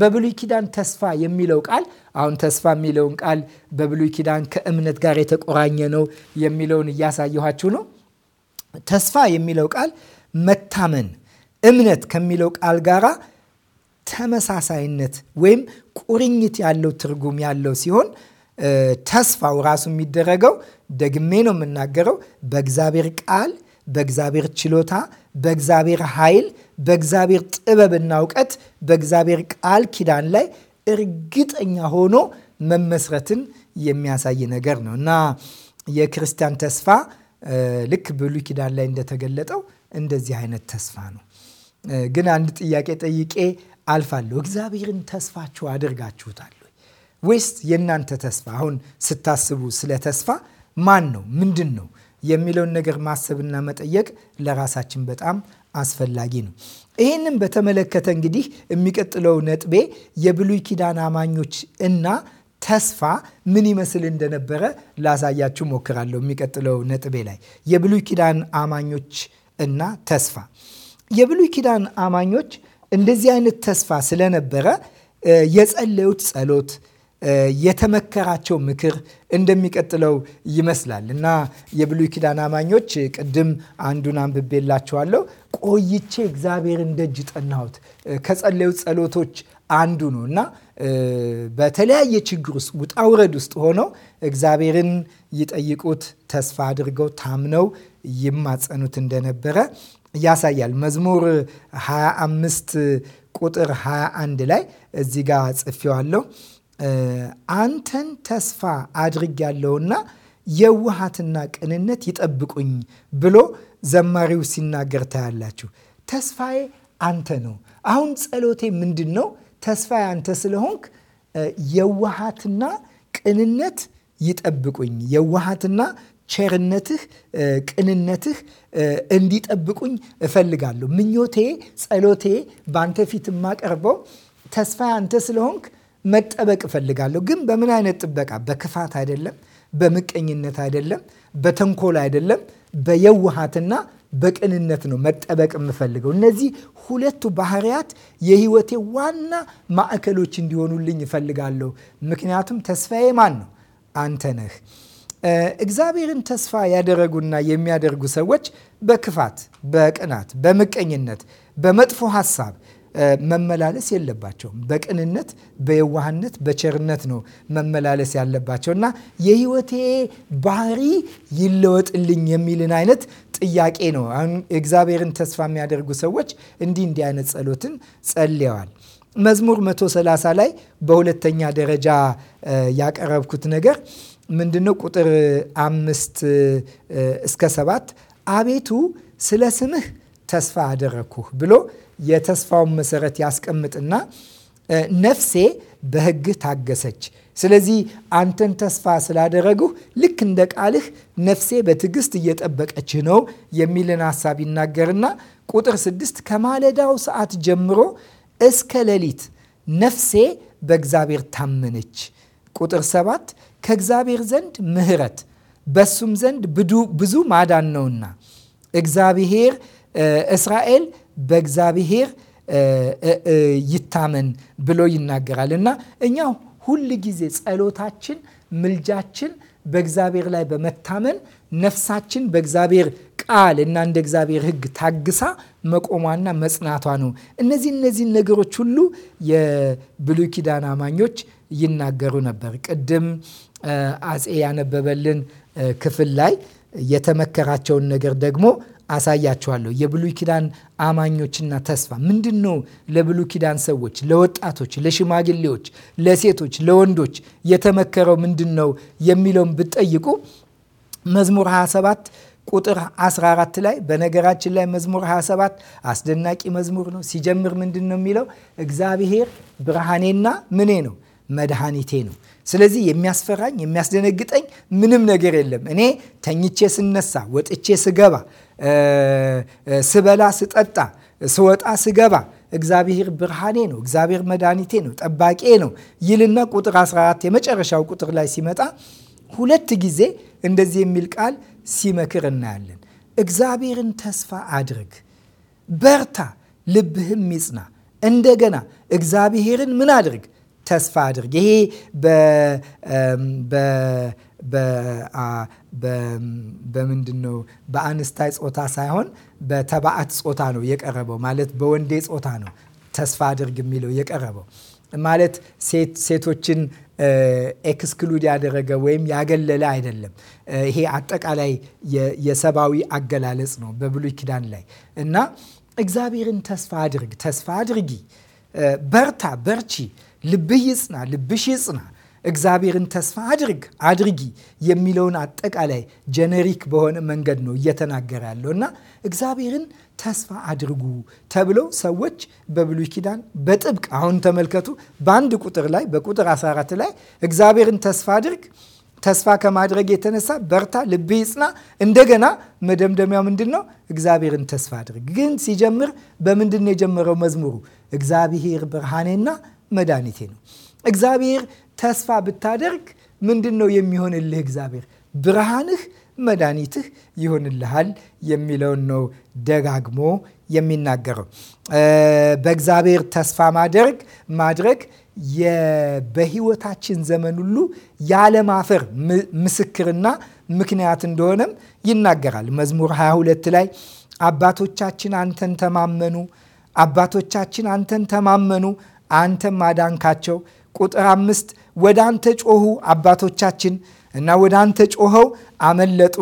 በብሉይ ኪዳን ተስፋ የሚለው ቃል አሁን ተስፋ የሚለውን ቃል በብሉይ ኪዳን ከእምነት ጋር የተቆራኘ ነው የሚለውን እያሳየኋችሁ ነው። ተስፋ የሚለው ቃል መታመን፣ እምነት ከሚለው ቃል ጋራ ተመሳሳይነት ወይም ቁርኝት ያለው ትርጉም ያለው ሲሆን ተስፋው ራሱ የሚደረገው ደግሜ ነው የምናገረው በእግዚአብሔር ቃል በእግዚአብሔር ችሎታ፣ በእግዚአብሔር ኃይል፣ በእግዚአብሔር ጥበብና እውቀት፣ በእግዚአብሔር ቃል ኪዳን ላይ እርግጠኛ ሆኖ መመስረትን የሚያሳይ ነገር ነው እና የክርስቲያን ተስፋ ልክ ብሉይ ኪዳን ላይ እንደተገለጠው እንደዚህ አይነት ተስፋ ነው። ግን አንድ ጥያቄ ጠይቄ አልፋለሁ። እግዚአብሔርን ተስፋችሁ አድርጋችሁታል ወይስ የእናንተ ተስፋ አሁን ስታስቡ ስለ ተስፋ ማን ነው? ምንድን ነው? የሚለውን ነገር ማሰብና መጠየቅ ለራሳችን በጣም አስፈላጊ ነው። ይህንም በተመለከተ እንግዲህ የሚቀጥለው ነጥቤ የብሉይ ኪዳን አማኞች እና ተስፋ ምን ይመስል እንደነበረ ላሳያችሁ ሞክራለሁ። የሚቀጥለው ነጥቤ ላይ የብሉይ ኪዳን አማኞች እና ተስፋ የብሉይ ኪዳን አማኞች እንደዚህ አይነት ተስፋ ስለነበረ የጸለዩት ጸሎት የተመከራቸው ምክር እንደሚቀጥለው ይመስላል እና የብሉይ ኪዳን አማኞች ቅድም አንዱን አንብቤላችኋለሁ። ቆይቼ እግዚአብሔርን ደጅ ጠናሁት ከጸለዩ ጸሎቶች አንዱ ነው እና በተለያየ ችግር ውስጥ ውጣ ውረድ ውስጥ ሆነው እግዚአብሔርን ይጠይቁት ተስፋ አድርገው ታምነው ይማጸኑት እንደነበረ ያሳያል። መዝሙር 25 ቁጥር 21 ላይ እዚህ ጋር ጽፌዋለሁ። አንተን ተስፋ አድርግ ያለውና የውሃትና ቅንነት ይጠብቁኝ ብሎ ዘማሪው ሲናገር ታያላችሁ። ተስፋዬ አንተ ነው። አሁን ጸሎቴ ምንድን ነው? ተስፋ አንተ ስለሆንክ የውሃትና ቅንነት ይጠብቁኝ፣ የውሃትና ቸርነትህ፣ ቅንነትህ እንዲጠብቁኝ እፈልጋለሁ። ምኞቴ፣ ጸሎቴ፣ በአንተ ፊት የማቀርበው ተስፋ አንተ ስለሆንክ መጠበቅ እፈልጋለሁ። ግን በምን አይነት ጥበቃ? በክፋት አይደለም፣ በምቀኝነት አይደለም፣ በተንኮል አይደለም፣ በየውሃትና በቅንነት ነው መጠበቅ የምፈልገው። እነዚህ ሁለቱ ባህሪያት የህይወቴ ዋና ማዕከሎች እንዲሆኑልኝ እፈልጋለሁ። ምክንያቱም ተስፋዬ ማን ነው? አንተ ነህ። እግዚአብሔርን ተስፋ ያደረጉና የሚያደርጉ ሰዎች በክፋት፣ በቅናት፣ በምቀኝነት፣ በመጥፎ ሀሳብ መመላለስ የለባቸውም። በቅንነት፣ በየዋህነት፣ በቸርነት ነው መመላለስ ያለባቸው እና የህይወቴ ባህሪ ይለወጥልኝ የሚልን አይነት ጥያቄ ነው። አሁን እግዚአብሔርን ተስፋ የሚያደርጉ ሰዎች እንዲህ እንዲህ አይነት ጸሎትን ጸልየዋል። መዝሙር 130 ላይ በሁለተኛ ደረጃ ያቀረብኩት ነገር ምንድነው? ቁጥር አምስት እስከ ሰባት አቤቱ ስለ ስምህ ተስፋ አደረግኩህ ብሎ የተስፋውን መሰረት ያስቀምጥና ነፍሴ በሕግህ ታገሰች። ስለዚህ አንተን ተስፋ ስላደረግሁ ልክ እንደ ቃልህ ነፍሴ በትዕግስት እየጠበቀች ነው የሚልን ሀሳብ ይናገርና ቁጥር ስድስት ከማለዳው ሰዓት ጀምሮ እስከ ሌሊት ነፍሴ በእግዚአብሔር ታመነች። ቁጥር ሰባት ከእግዚአብሔር ዘንድ ምሕረት በሱም ዘንድ ብዙ ማዳን ነውና እግዚአብሔር እስራኤል በእግዚአብሔር ይታመን ብሎ ይናገራል እና እኛ ሁል ጊዜ ጸሎታችን፣ ምልጃችን በእግዚአብሔር ላይ በመታመን ነፍሳችን በእግዚአብሔር ቃል እና እንደ እግዚአብሔር ሕግ ታግሳ መቆሟና መጽናቷ ነው። እነዚህ እነዚህ ነገሮች ሁሉ የብሉይ ኪዳን አማኞች ይናገሩ ነበር። ቅድም አፄ ያነበበልን ክፍል ላይ የተመከራቸውን ነገር ደግሞ አሳያችኋለሁ። የብሉይ ኪዳን አማኞችና ተስፋ ምንድን ነው? ለብሉይ ኪዳን ሰዎች፣ ለወጣቶች፣ ለሽማግሌዎች፣ ለሴቶች፣ ለወንዶች የተመከረው ምንድን ነው የሚለውን ብትጠይቁ መዝሙር 27 ቁጥር 14 ላይ በነገራችን ላይ መዝሙር 27 አስደናቂ መዝሙር ነው። ሲጀምር ምንድን ነው የሚለው? እግዚአብሔር ብርሃኔና ምኔ ነው መድኃኒቴ ነው ስለዚህ የሚያስፈራኝ የሚያስደነግጠኝ ምንም ነገር የለም። እኔ ተኝቼ ስነሳ፣ ወጥቼ ስገባ፣ ስበላ፣ ስጠጣ፣ ስወጣ፣ ስገባ እግዚአብሔር ብርሃኔ ነው፣ እግዚአብሔር መድኃኒቴ ነው፣ ጠባቄ ነው ይልና ቁጥር 14 የመጨረሻው ቁጥር ላይ ሲመጣ ሁለት ጊዜ እንደዚህ የሚል ቃል ሲመክር እናያለን። እግዚአብሔርን ተስፋ አድርግ፣ በርታ፣ ልብህም ይጽና። እንደገና እግዚአብሔርን ምን አድርግ ተስፋ አድርግ። ይሄ በምንድን ነው? በአንስታይ ጾታ ሳይሆን በተባዕት ጾታ ነው የቀረበው። ማለት በወንዴ ጾታ ነው ተስፋ አድርግ የሚለው የቀረበው ማለት ሴቶችን ኤክስክሉድ ያደረገ ወይም ያገለለ አይደለም። ይሄ አጠቃላይ የሰብአዊ አገላለጽ ነው በብሉይ ኪዳን ላይ እና እግዚአብሔርን ተስፋ አድርግ፣ ተስፋ አድርጊ፣ በርታ፣ በርቺ ልብህ ይጽና፣ ልብሽ ይጽና፣ እግዚአብሔርን ተስፋ አድርግ አድርጊ የሚለውን አጠቃላይ ጀነሪክ በሆነ መንገድ ነው እየተናገረ ያለው እና እግዚአብሔርን ተስፋ አድርጉ ተብለው ሰዎች በብሉይ ኪዳን በጥብቅ አሁን ተመልከቱ። በአንድ ቁጥር ላይ በቁጥር 14 ላይ እግዚአብሔርን ተስፋ አድርግ ተስፋ ከማድረግ የተነሳ በርታ፣ ልብ ይጽና። እንደገና መደምደሚያው ምንድን ነው? እግዚአብሔርን ተስፋ አድርግ። ግን ሲጀምር በምንድን ነው የጀመረው መዝሙሩ? እግዚአብሔር ብርሃኔና መድኃኒቴ ነው። እግዚአብሔር ተስፋ ብታደርግ ምንድን ነው የሚሆንልህ? እግዚአብሔር ብርሃንህ መድኃኒትህ ይሆንልሃል የሚለውን ነው ደጋግሞ የሚናገረው። በእግዚአብሔር ተስፋ ማድረግ ማድረግ በሕይወታችን ዘመን ሁሉ ያለማፈር ምስክርና ምክንያት እንደሆነም ይናገራል። መዝሙር 22 ላይ አባቶቻችን አንተን ተማመኑ፣ አባቶቻችን አንተን ተማመኑ፣ አንተም አዳንካቸው። ቁጥር አምስት ወደ አንተ ጮኹ አባቶቻችን እና ወደ አንተ ጮኸው አመለጡ፣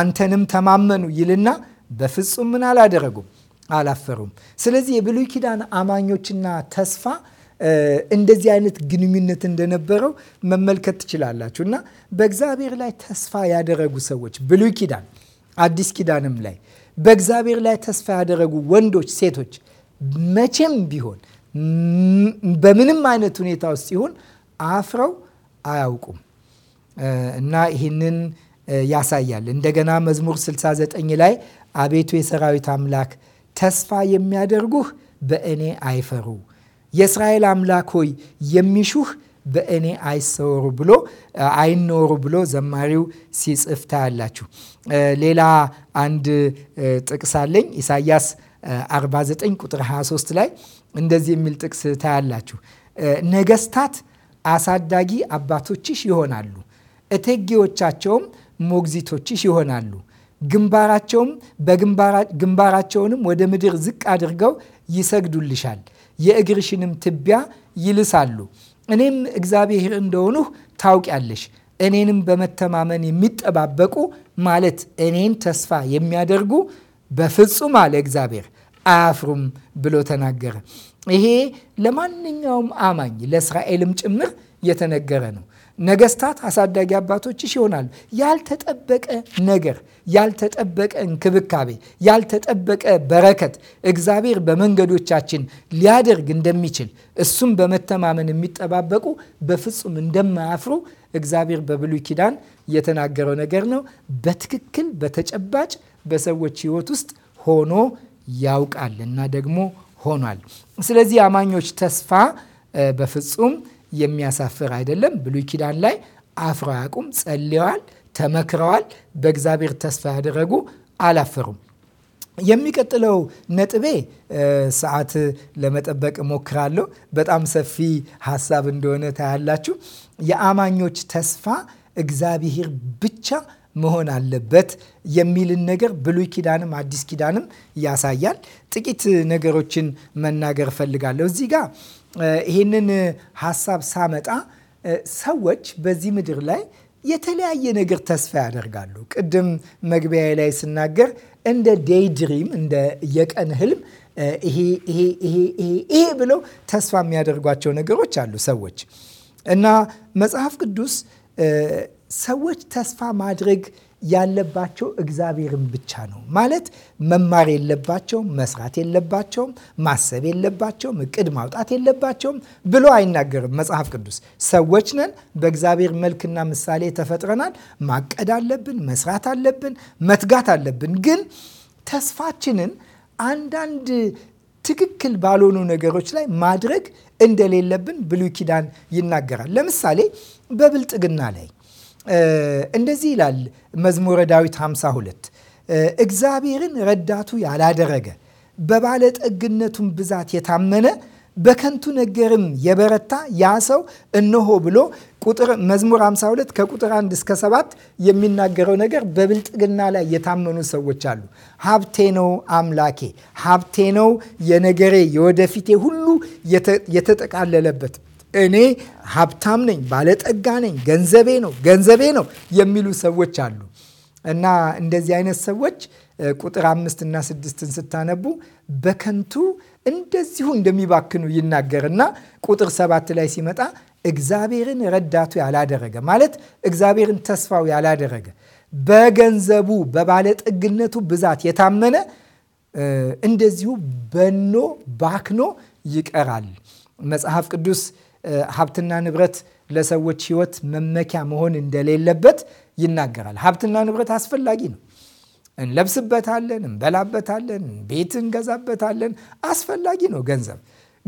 አንተንም ተማመኑ ይልና በፍጹም ምን አላደረጉም አላፈሩም። ስለዚህ የብሉይ ኪዳን አማኞችና ተስፋ እንደዚህ አይነት ግንኙነት እንደነበረው መመልከት ትችላላችሁ። እና በእግዚአብሔር ላይ ተስፋ ያደረጉ ሰዎች ብሉይ ኪዳን አዲስ ኪዳንም ላይ በእግዚአብሔር ላይ ተስፋ ያደረጉ ወንዶች፣ ሴቶች መቼም ቢሆን በምንም አይነት ሁኔታ ውስጥ ሲሆን አፍረው አያውቁም እና ይህንን ያሳያል። እንደገና መዝሙር 69 ላይ አቤቱ የሰራዊት አምላክ ተስፋ የሚያደርጉህ በእኔ አይፈሩ፣ የእስራኤል አምላክ ሆይ የሚሹህ በእኔ አይሰወሩ ብሎ አይኖሩ ብሎ ዘማሪው ሲጽፍ ታያላችሁ። ሌላ አንድ ጥቅስ አለኝ ኢሳያስ 49 ቁጥር 23 ላይ እንደዚህ የሚል ጥቅስ ታያላችሁ። ነገስታት አሳዳጊ አባቶችሽ ይሆናሉ፣ እቴጌዎቻቸውም ሞግዚቶችሽ ይሆናሉ። ግንባራቸውም ግንባራቸውንም ወደ ምድር ዝቅ አድርገው ይሰግዱልሻል፣ የእግርሽንም ትቢያ ይልሳሉ። እኔም እግዚአብሔር እንደሆኑ ታውቂያለሽ። እኔንም በመተማመን የሚጠባበቁ ማለት እኔን ተስፋ የሚያደርጉ በፍጹም አለ እግዚአብሔር አያፍሩም ብሎ ተናገረ። ይሄ ለማንኛውም አማኝ ለእስራኤልም ጭምር የተነገረ ነው። ነገስታት አሳዳጊ አባቶችሽ ይሆናሉ። ያልተጠበቀ ነገር፣ ያልተጠበቀ እንክብካቤ፣ ያልተጠበቀ በረከት እግዚአብሔር በመንገዶቻችን ሊያደርግ እንደሚችል እሱም በመተማመን የሚጠባበቁ በፍጹም እንደማያፍሩ እግዚአብሔር በብሉይ ኪዳን የተናገረው ነገር ነው። በትክክል በተጨባጭ በሰዎች ሕይወት ውስጥ ሆኖ ያውቃል እና ደግሞ ሆኗል። ስለዚህ የአማኞች ተስፋ በፍጹም የሚያሳፍር አይደለም። ብሉይ ኪዳን ላይ አፍረው አያውቁም። ጸልየዋል፣ ተመክረዋል። በእግዚአብሔር ተስፋ ያደረጉ አላፈሩም። የሚቀጥለው ነጥቤ ሰዓት ለመጠበቅ እሞክራለሁ። በጣም ሰፊ ሀሳብ እንደሆነ ታያላችሁ። የአማኞች ተስፋ እግዚአብሔር ብቻ መሆን አለበት የሚልን ነገር ብሉይ ኪዳንም አዲስ ኪዳንም ያሳያል። ጥቂት ነገሮችን መናገር እፈልጋለሁ። እዚህ ጋር ይህንን ሀሳብ ሳመጣ ሰዎች በዚህ ምድር ላይ የተለያየ ነገር ተስፋ ያደርጋሉ። ቅድም መግቢያ ላይ ስናገር እንደ ዴይ ድሪም እንደ የቀን ህልም ይሄ ይሄ ብለው ተስፋ የሚያደርጓቸው ነገሮች አሉ ሰዎች እና መጽሐፍ ቅዱስ ሰዎች ተስፋ ማድረግ ያለባቸው እግዚአብሔርን ብቻ ነው። ማለት መማር የለባቸውም፣ መስራት የለባቸውም፣ ማሰብ የለባቸውም፣ እቅድ ማውጣት የለባቸውም ብሎ አይናገርም መጽሐፍ ቅዱስ። ሰዎች ነን፣ በእግዚአብሔር መልክና ምሳሌ ተፈጥረናል። ማቀድ አለብን፣ መስራት አለብን፣ መትጋት አለብን። ግን ተስፋችንን አንዳንድ ትክክል ባልሆኑ ነገሮች ላይ ማድረግ እንደሌለብን ብሉይ ኪዳን ይናገራል። ለምሳሌ በብልጥግና ላይ እንደዚህ ይላል መዝሙረ ዳዊት 52 እግዚአብሔርን ረዳቱ ያላደረገ በባለጠግነቱን ብዛት የታመነ በከንቱ ነገርም የበረታ ያ ሰው እነሆ ብሎ ቁጥር መዝሙር 52 ከቁጥር 1 እስከ 7 የሚናገረው ነገር በብልጥግና ላይ የታመኑ ሰዎች አሉ። ሀብቴ ነው አምላኬ፣ ሀብቴ ነው የነገሬ የወደፊቴ ሁሉ የተጠቃለለበት እኔ ሀብታም ነኝ፣ ባለጠጋ ነኝ፣ ገንዘቤ ነው ገንዘቤ ነው የሚሉ ሰዎች አሉ እና እንደዚህ አይነት ሰዎች ቁጥር አምስት እና ስድስትን ስታነቡ በከንቱ እንደዚሁ እንደሚባክኑ ይናገርና ቁጥር ሰባት ላይ ሲመጣ እግዚአብሔርን ረዳቱ ያላደረገ ማለት እግዚአብሔርን ተስፋው ያላደረገ በገንዘቡ በባለጠግነቱ ብዛት የታመነ እንደዚሁ በኖ ባክኖ ይቀራል። መጽሐፍ ቅዱስ ሀብትና ንብረት ለሰዎች ህይወት መመኪያ መሆን እንደሌለበት ይናገራል። ሀብትና ንብረት አስፈላጊ ነው። እንለብስበታለን፣ እንበላበታለን፣ ቤት እንገዛበታለን። አስፈላጊ ነው ገንዘብ።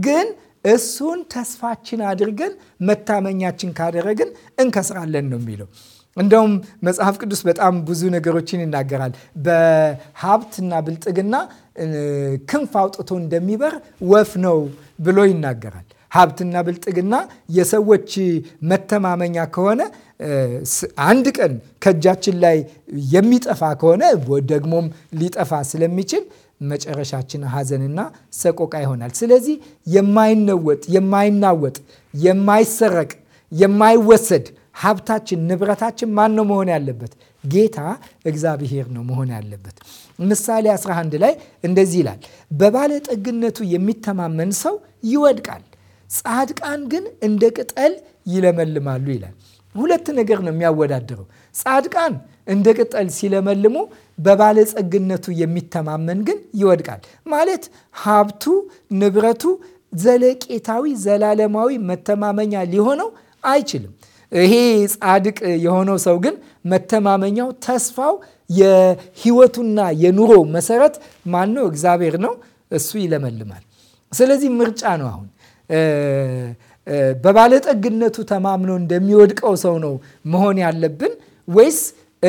ግን እሱን ተስፋችን አድርገን መታመኛችን ካደረግን እንከስራለን ነው የሚለው። እንደውም መጽሐፍ ቅዱስ በጣም ብዙ ነገሮችን ይናገራል። በሀብትና ብልጥግና ክንፍ አውጥቶ እንደሚበር ወፍ ነው ብሎ ይናገራል። ሀብትና ብልጥግና የሰዎች መተማመኛ ከሆነ አንድ ቀን ከእጃችን ላይ የሚጠፋ ከሆነ ደግሞም ሊጠፋ ስለሚችል መጨረሻችን ሀዘንና ሰቆቃ ይሆናል። ስለዚህ የማይነወጥ የማይናወጥ፣ የማይሰረቅ፣ የማይወሰድ ሀብታችን ንብረታችን ማን ነው መሆን ያለበት? ጌታ እግዚአብሔር ነው መሆን ያለበት። ምሳሌ 11 ላይ እንደዚህ ይላል፣ በባለጠግነቱ የሚተማመን ሰው ይወድቃል ጻድቃን ግን እንደ ቅጠል ይለመልማሉ ይላል። ሁለት ነገር ነው የሚያወዳድረው። ጻድቃን እንደ ቅጠል ሲለመልሙ፣ በባለጸግነቱ የሚተማመን ግን ይወድቃል። ማለት ሀብቱ፣ ንብረቱ ዘለቄታዊ ዘላለማዊ መተማመኛ ሊሆነው አይችልም። ይሄ ጻድቅ የሆነው ሰው ግን መተማመኛው ተስፋው የህይወቱና የኑሮ መሰረት ማን ነው? እግዚአብሔር ነው። እሱ ይለመልማል። ስለዚህ ምርጫ ነው አሁን በባለጠግነቱ ተማምኖ እንደሚወድቀው ሰው ነው መሆን ያለብን ወይስ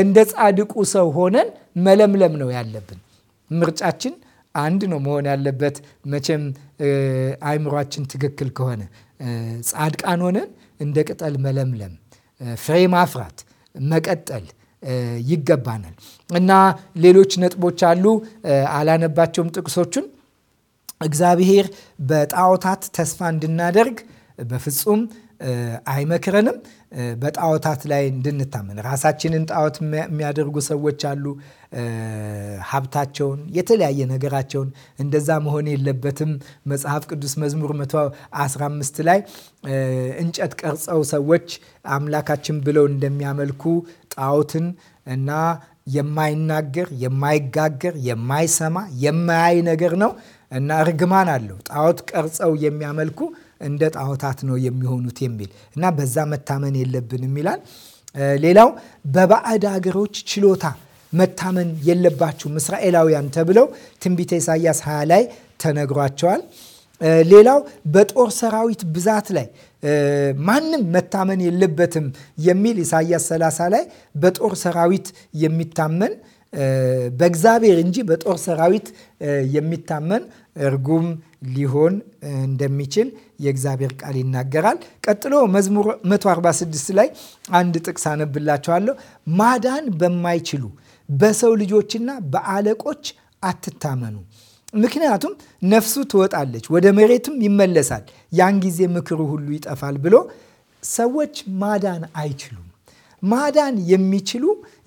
እንደ ጻድቁ ሰው ሆነን መለምለም ነው ያለብን? ምርጫችን አንድ ነው መሆን ያለበት። መቼም አይምሯችን ትክክል ከሆነ ጻድቃን ሆነን እንደ ቅጠል መለምለም፣ ፍሬ ማፍራት፣ መቀጠል ይገባናል። እና ሌሎች ነጥቦች አሉ፣ አላነባቸውም ጥቅሶቹን እግዚአብሔር በጣዖታት ተስፋ እንድናደርግ በፍጹም አይመክረንም። በጣዖታት ላይ እንድንታመን ራሳችንን ጣዖት የሚያደርጉ ሰዎች አሉ። ሀብታቸውን፣ የተለያየ ነገራቸውን እንደዛ መሆን የለበትም። መጽሐፍ ቅዱስ መዝሙር 115 ላይ እንጨት ቀርጸው ሰዎች አምላካችን ብለው እንደሚያመልኩ ጣዖትን እና የማይናገር የማይጋገር የማይሰማ የማያይ ነገር ነው እና እርግማን አለው ጣዖት ቀርጸው የሚያመልኩ እንደ ጣዖታት ነው የሚሆኑት የሚል እና በዛ መታመን የለብንም ይላል። ሌላው በባዕድ ሀገሮች ችሎታ መታመን የለባችሁም እስራኤላውያን ተብለው ትንቢተ ኢሳያስ 20 ላይ ተነግሯቸዋል። ሌላው በጦር ሰራዊት ብዛት ላይ ማንም መታመን የለበትም የሚል ኢሳያስ 30 ላይ በጦር ሰራዊት የሚታመን በእግዚአብሔር እንጂ በጦር ሰራዊት የሚታመን እርጉም ሊሆን እንደሚችል የእግዚአብሔር ቃል ይናገራል። ቀጥሎ መዝሙር 146 ላይ አንድ ጥቅስ አነብላችኋለሁ። ማዳን በማይችሉ በሰው ልጆችና በአለቆች አትታመኑ፣ ምክንያቱም ነፍሱ ትወጣለች፣ ወደ መሬትም ይመለሳል፣ ያን ጊዜ ምክሩ ሁሉ ይጠፋል ብሎ ሰዎች ማዳን አይችሉም። ማዳን የሚችሉ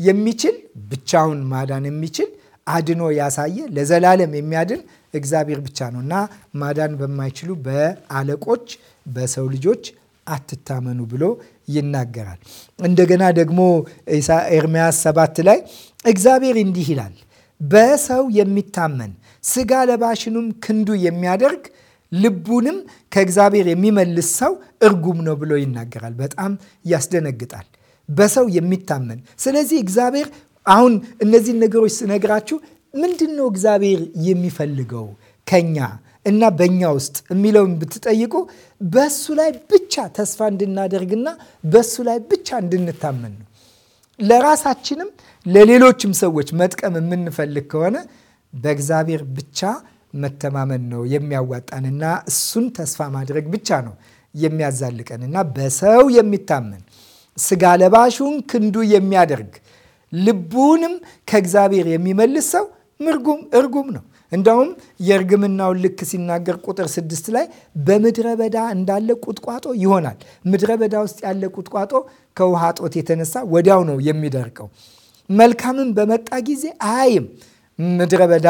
የሚችል ብቻውን ማዳን የሚችል አድኖ ያሳየ ለዘላለም የሚያድን እግዚአብሔር ብቻ ነው እና ማዳን በማይችሉ በአለቆች በሰው ልጆች አትታመኑ ብሎ ይናገራል። እንደገና ደግሞ ኤርምያስ ሰባት ላይ እግዚአብሔር እንዲህ ይላል በሰው የሚታመን ስጋ ለባሽኑም ክንዱ የሚያደርግ ልቡንም ከእግዚአብሔር የሚመልስ ሰው እርጉም ነው ብሎ ይናገራል። በጣም ያስደነግጣል። በሰው የሚታመን ስለዚህ እግዚአብሔር አሁን እነዚህን ነገሮች ስነግራችሁ ምንድን ነው እግዚአብሔር የሚፈልገው ከኛ እና በእኛ ውስጥ የሚለውን ብትጠይቁ በሱ ላይ ብቻ ተስፋ እንድናደርግና በሱ ላይ ብቻ እንድንታመን ነው። ለራሳችንም ለሌሎችም ሰዎች መጥቀም የምንፈልግ ከሆነ በእግዚአብሔር ብቻ መተማመን ነው የሚያዋጣን እና እሱን ተስፋ ማድረግ ብቻ ነው የሚያዛልቀን እና በሰው የሚታመን ስጋ ለባሹን ክንዱ የሚያደርግ ልቡንም ከእግዚአብሔር የሚመልስ ሰው ምርጉም እርጉም ነው። እንደውም የእርግምናውን ልክ ሲናገር ቁጥር ስድስት ላይ በምድረ በዳ እንዳለ ቁጥቋጦ ይሆናል። ምድረ በዳ ውስጥ ያለ ቁጥቋጦ ከውሃ ጦት የተነሳ ወዲያው ነው የሚደርቀው። መልካምን በመጣ ጊዜ አይም ምድረ በዳ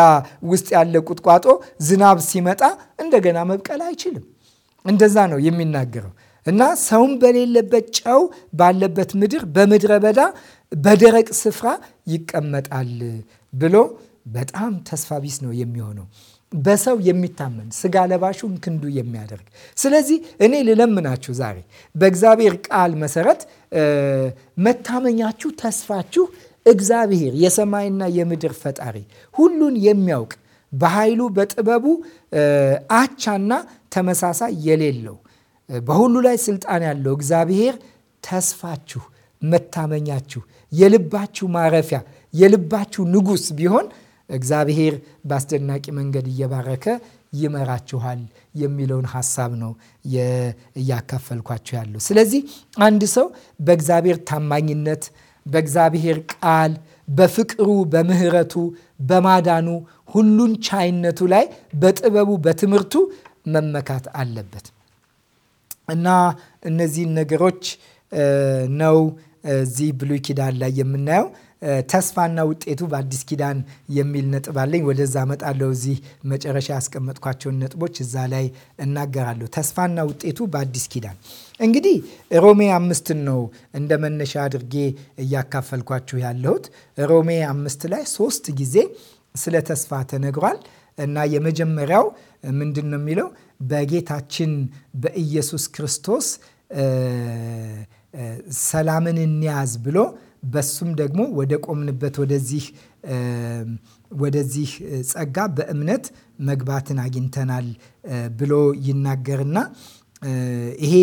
ውስጥ ያለ ቁጥቋጦ ዝናብ ሲመጣ እንደገና መብቀል አይችልም። እንደዛ ነው የሚናገረው። እና ሰውም በሌለበት ጨው ባለበት ምድር በምድረ በዳ በደረቅ ስፍራ ይቀመጣል ብሎ በጣም ተስፋ ቢስ ነው የሚሆነው በሰው የሚታመን ስጋ ለባሹን ክንዱ የሚያደርግ። ስለዚህ እኔ ልለምናችሁ ዛሬ በእግዚአብሔር ቃል መሰረት መታመኛችሁ፣ ተስፋችሁ እግዚአብሔር የሰማይና የምድር ፈጣሪ ሁሉን የሚያውቅ በኃይሉ በጥበቡ አቻና ተመሳሳይ የሌለው በሁሉ ላይ ስልጣን ያለው እግዚአብሔር ተስፋችሁ፣ መታመኛችሁ፣ የልባችሁ ማረፊያ፣ የልባችሁ ንጉስ ቢሆን እግዚአብሔር በአስደናቂ መንገድ እየባረከ ይመራችኋል የሚለውን ሀሳብ ነው እያካፈልኳችሁ ያለው። ስለዚህ አንድ ሰው በእግዚአብሔር ታማኝነት፣ በእግዚአብሔር ቃል፣ በፍቅሩ፣ በምህረቱ፣ በማዳኑ፣ ሁሉን ቻይነቱ ላይ በጥበቡ፣ በትምህርቱ መመካት አለበት። እና እነዚህን ነገሮች ነው እዚህ ብሉይ ኪዳን ላይ የምናየው። ተስፋና ውጤቱ በአዲስ ኪዳን የሚል ነጥብ አለኝ። ወደዛ መጣለው። እዚህ መጨረሻ ያስቀመጥኳቸውን ነጥቦች እዛ ላይ እናገራለሁ። ተስፋና ውጤቱ በአዲስ ኪዳን እንግዲህ ሮሜ አምስትን ነው እንደ መነሻ አድርጌ እያካፈልኳችሁ ያለሁት። ሮሜ አምስት ላይ ሶስት ጊዜ ስለ ተስፋ ተነግሯል። እና የመጀመሪያው ምንድን ነው የሚለው በጌታችን በኢየሱስ ክርስቶስ ሰላምን እንያዝ ብሎ በሱም ደግሞ ወደ ቆምንበት ወደዚህ ወደዚህ ጸጋ በእምነት መግባትን አግኝተናል ብሎ ይናገርና ይሄ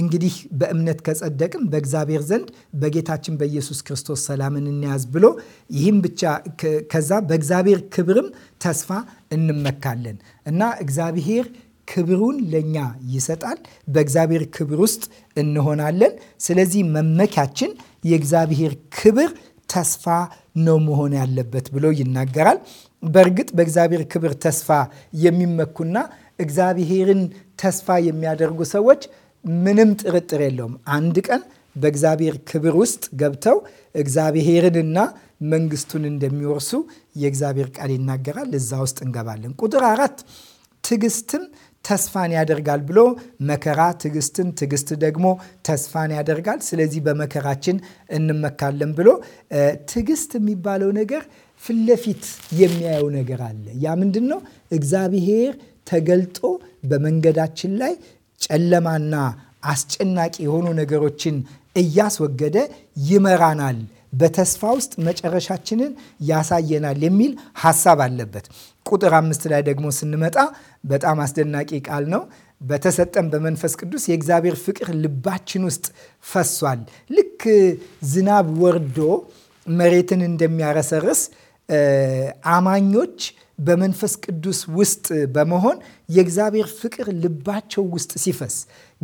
እንግዲህ በእምነት ከጸደቅም በእግዚአብሔር ዘንድ በጌታችን በኢየሱስ ክርስቶስ ሰላምን እንያዝ ብሎ ይህም ብቻ ከዛ በእግዚአብሔር ክብርም ተስፋ እንመካለን እና እግዚአብሔር ክብሩን ለእኛ ይሰጣል። በእግዚአብሔር ክብር ውስጥ እንሆናለን። ስለዚህ መመኪያችን የእግዚአብሔር ክብር ተስፋ ነው መሆን ያለበት ብሎ ይናገራል። በእርግጥ በእግዚአብሔር ክብር ተስፋ የሚመኩና እግዚአብሔርን ተስፋ የሚያደርጉ ሰዎች ምንም ጥርጥር የለውም አንድ ቀን በእግዚአብሔር ክብር ውስጥ ገብተው እግዚአብሔርንና መንግስቱን እንደሚወርሱ የእግዚአብሔር ቃል ይናገራል። እዛ ውስጥ እንገባለን። ቁጥር አራት ትግስትም ተስፋን ያደርጋል ብሎ መከራ ትዕግስትን፣ ትዕግስት ደግሞ ተስፋን ያደርጋል። ስለዚህ በመከራችን እንመካለን ብሎ ትዕግስት የሚባለው ነገር ፊት ለፊት የሚያየው ነገር አለ። ያ ምንድን ነው? እግዚአብሔር ተገልጦ በመንገዳችን ላይ ጨለማና አስጨናቂ የሆኑ ነገሮችን እያስወገደ ይመራናል፣ በተስፋ ውስጥ መጨረሻችንን ያሳየናል የሚል ሀሳብ አለበት። ቁጥር አምስት ላይ ደግሞ ስንመጣ በጣም አስደናቂ ቃል ነው። በተሰጠን በመንፈስ ቅዱስ የእግዚአብሔር ፍቅር ልባችን ውስጥ ፈሷል። ልክ ዝናብ ወርዶ መሬትን እንደሚያረሰርስ አማኞች በመንፈስ ቅዱስ ውስጥ በመሆን የእግዚአብሔር ፍቅር ልባቸው ውስጥ ሲፈስ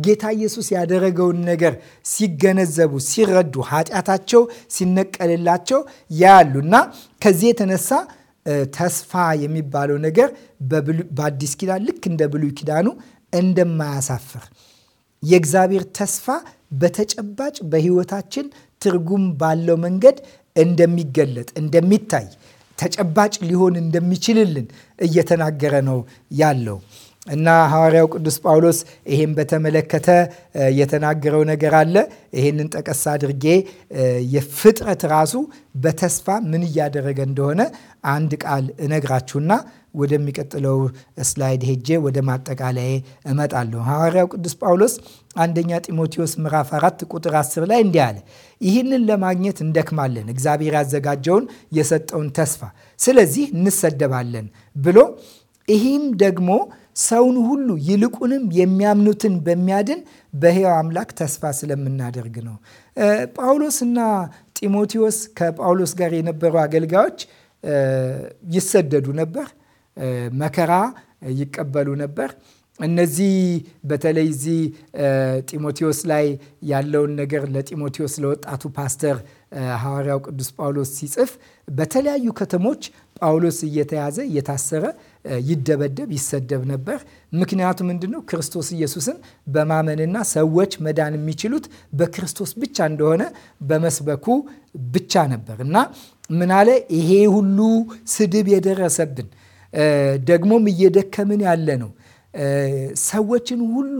ጌታ ኢየሱስ ያደረገውን ነገር ሲገነዘቡ ሲረዱ ኃጢአታቸው ሲነቀልላቸው ያያሉና ከዚህ የተነሳ ተስፋ የሚባለው ነገር በአዲስ ኪዳን ልክ እንደ ብሉይ ኪዳኑ እንደማያሳፍር የእግዚአብሔር ተስፋ በተጨባጭ በሕይወታችን ትርጉም ባለው መንገድ እንደሚገለጥ እንደሚታይ ተጨባጭ ሊሆን እንደሚችልልን እየተናገረ ነው ያለው። እና ሐዋርያው ቅዱስ ጳውሎስ ይሄን በተመለከተ የተናገረው ነገር አለ። ይሄንን ጠቀስ አድርጌ የፍጥረት ራሱ በተስፋ ምን እያደረገ እንደሆነ አንድ ቃል እነግራችሁና ወደሚቀጥለው ስላይድ ሄጄ ወደ ማጠቃለያ እመጣለሁ። ሐዋርያው ቅዱስ ጳውሎስ አንደኛ ጢሞቴዎስ ምዕራፍ 4 ቁጥር 10 ላይ እንዲህ አለ፣ ይህንን ለማግኘት እንደክማለን፣ እግዚአብሔር ያዘጋጀውን የሰጠውን ተስፋ ስለዚህ እንሰደባለን ብሎ ይህም ደግሞ ሰውን ሁሉ ይልቁንም የሚያምኑትን በሚያድን በሕያው አምላክ ተስፋ ስለምናደርግ ነው። ጳውሎስና ጢሞቴዎስ ከጳውሎስ ጋር የነበሩ አገልጋዮች ይሰደዱ ነበር፣ መከራ ይቀበሉ ነበር። እነዚህ በተለይ እዚህ ጢሞቴዎስ ላይ ያለውን ነገር ለጢሞቴዎስ ለወጣቱ ፓስተር ሐዋርያው ቅዱስ ጳውሎስ ሲጽፍ በተለያዩ ከተሞች ጳውሎስ እየተያዘ እየታሰረ ይደበደብ፣ ይሰደብ ነበር። ምክንያቱ ምንድን ነው? ክርስቶስ ኢየሱስን በማመንና ሰዎች መዳን የሚችሉት በክርስቶስ ብቻ እንደሆነ በመስበኩ ብቻ ነበር እና ምን አለ? ይሄ ሁሉ ስድብ የደረሰብን ደግሞም እየደከምን ያለ ነው ሰዎችን ሁሉ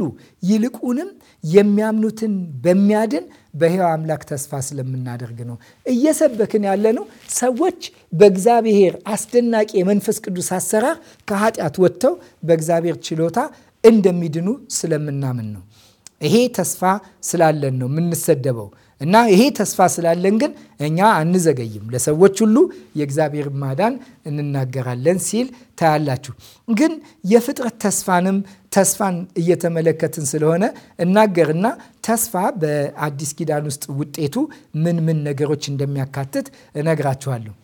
ይልቁንም የሚያምኑትን በሚያድን በሕያው አምላክ ተስፋ ስለምናደርግ ነው። እየሰበክን ያለነው ሰዎች በእግዚአብሔር አስደናቂ የመንፈስ ቅዱስ አሰራር ከኃጢአት ወጥተው በእግዚአብሔር ችሎታ እንደሚድኑ ስለምናምን ነው። ይሄ ተስፋ ስላለን ነው የምንሰደበው። እና ይሄ ተስፋ ስላለን ግን እኛ አንዘገይም፣ ለሰዎች ሁሉ የእግዚአብሔር ማዳን እንናገራለን ሲል ታያላችሁ። ግን የፍጥረት ተስፋንም ተስፋን እየተመለከትን ስለሆነ እናገርና ተስፋ በአዲስ ኪዳን ውስጥ ውጤቱ ምን ምን ነገሮች እንደሚያካትት እነግራችኋለሁ።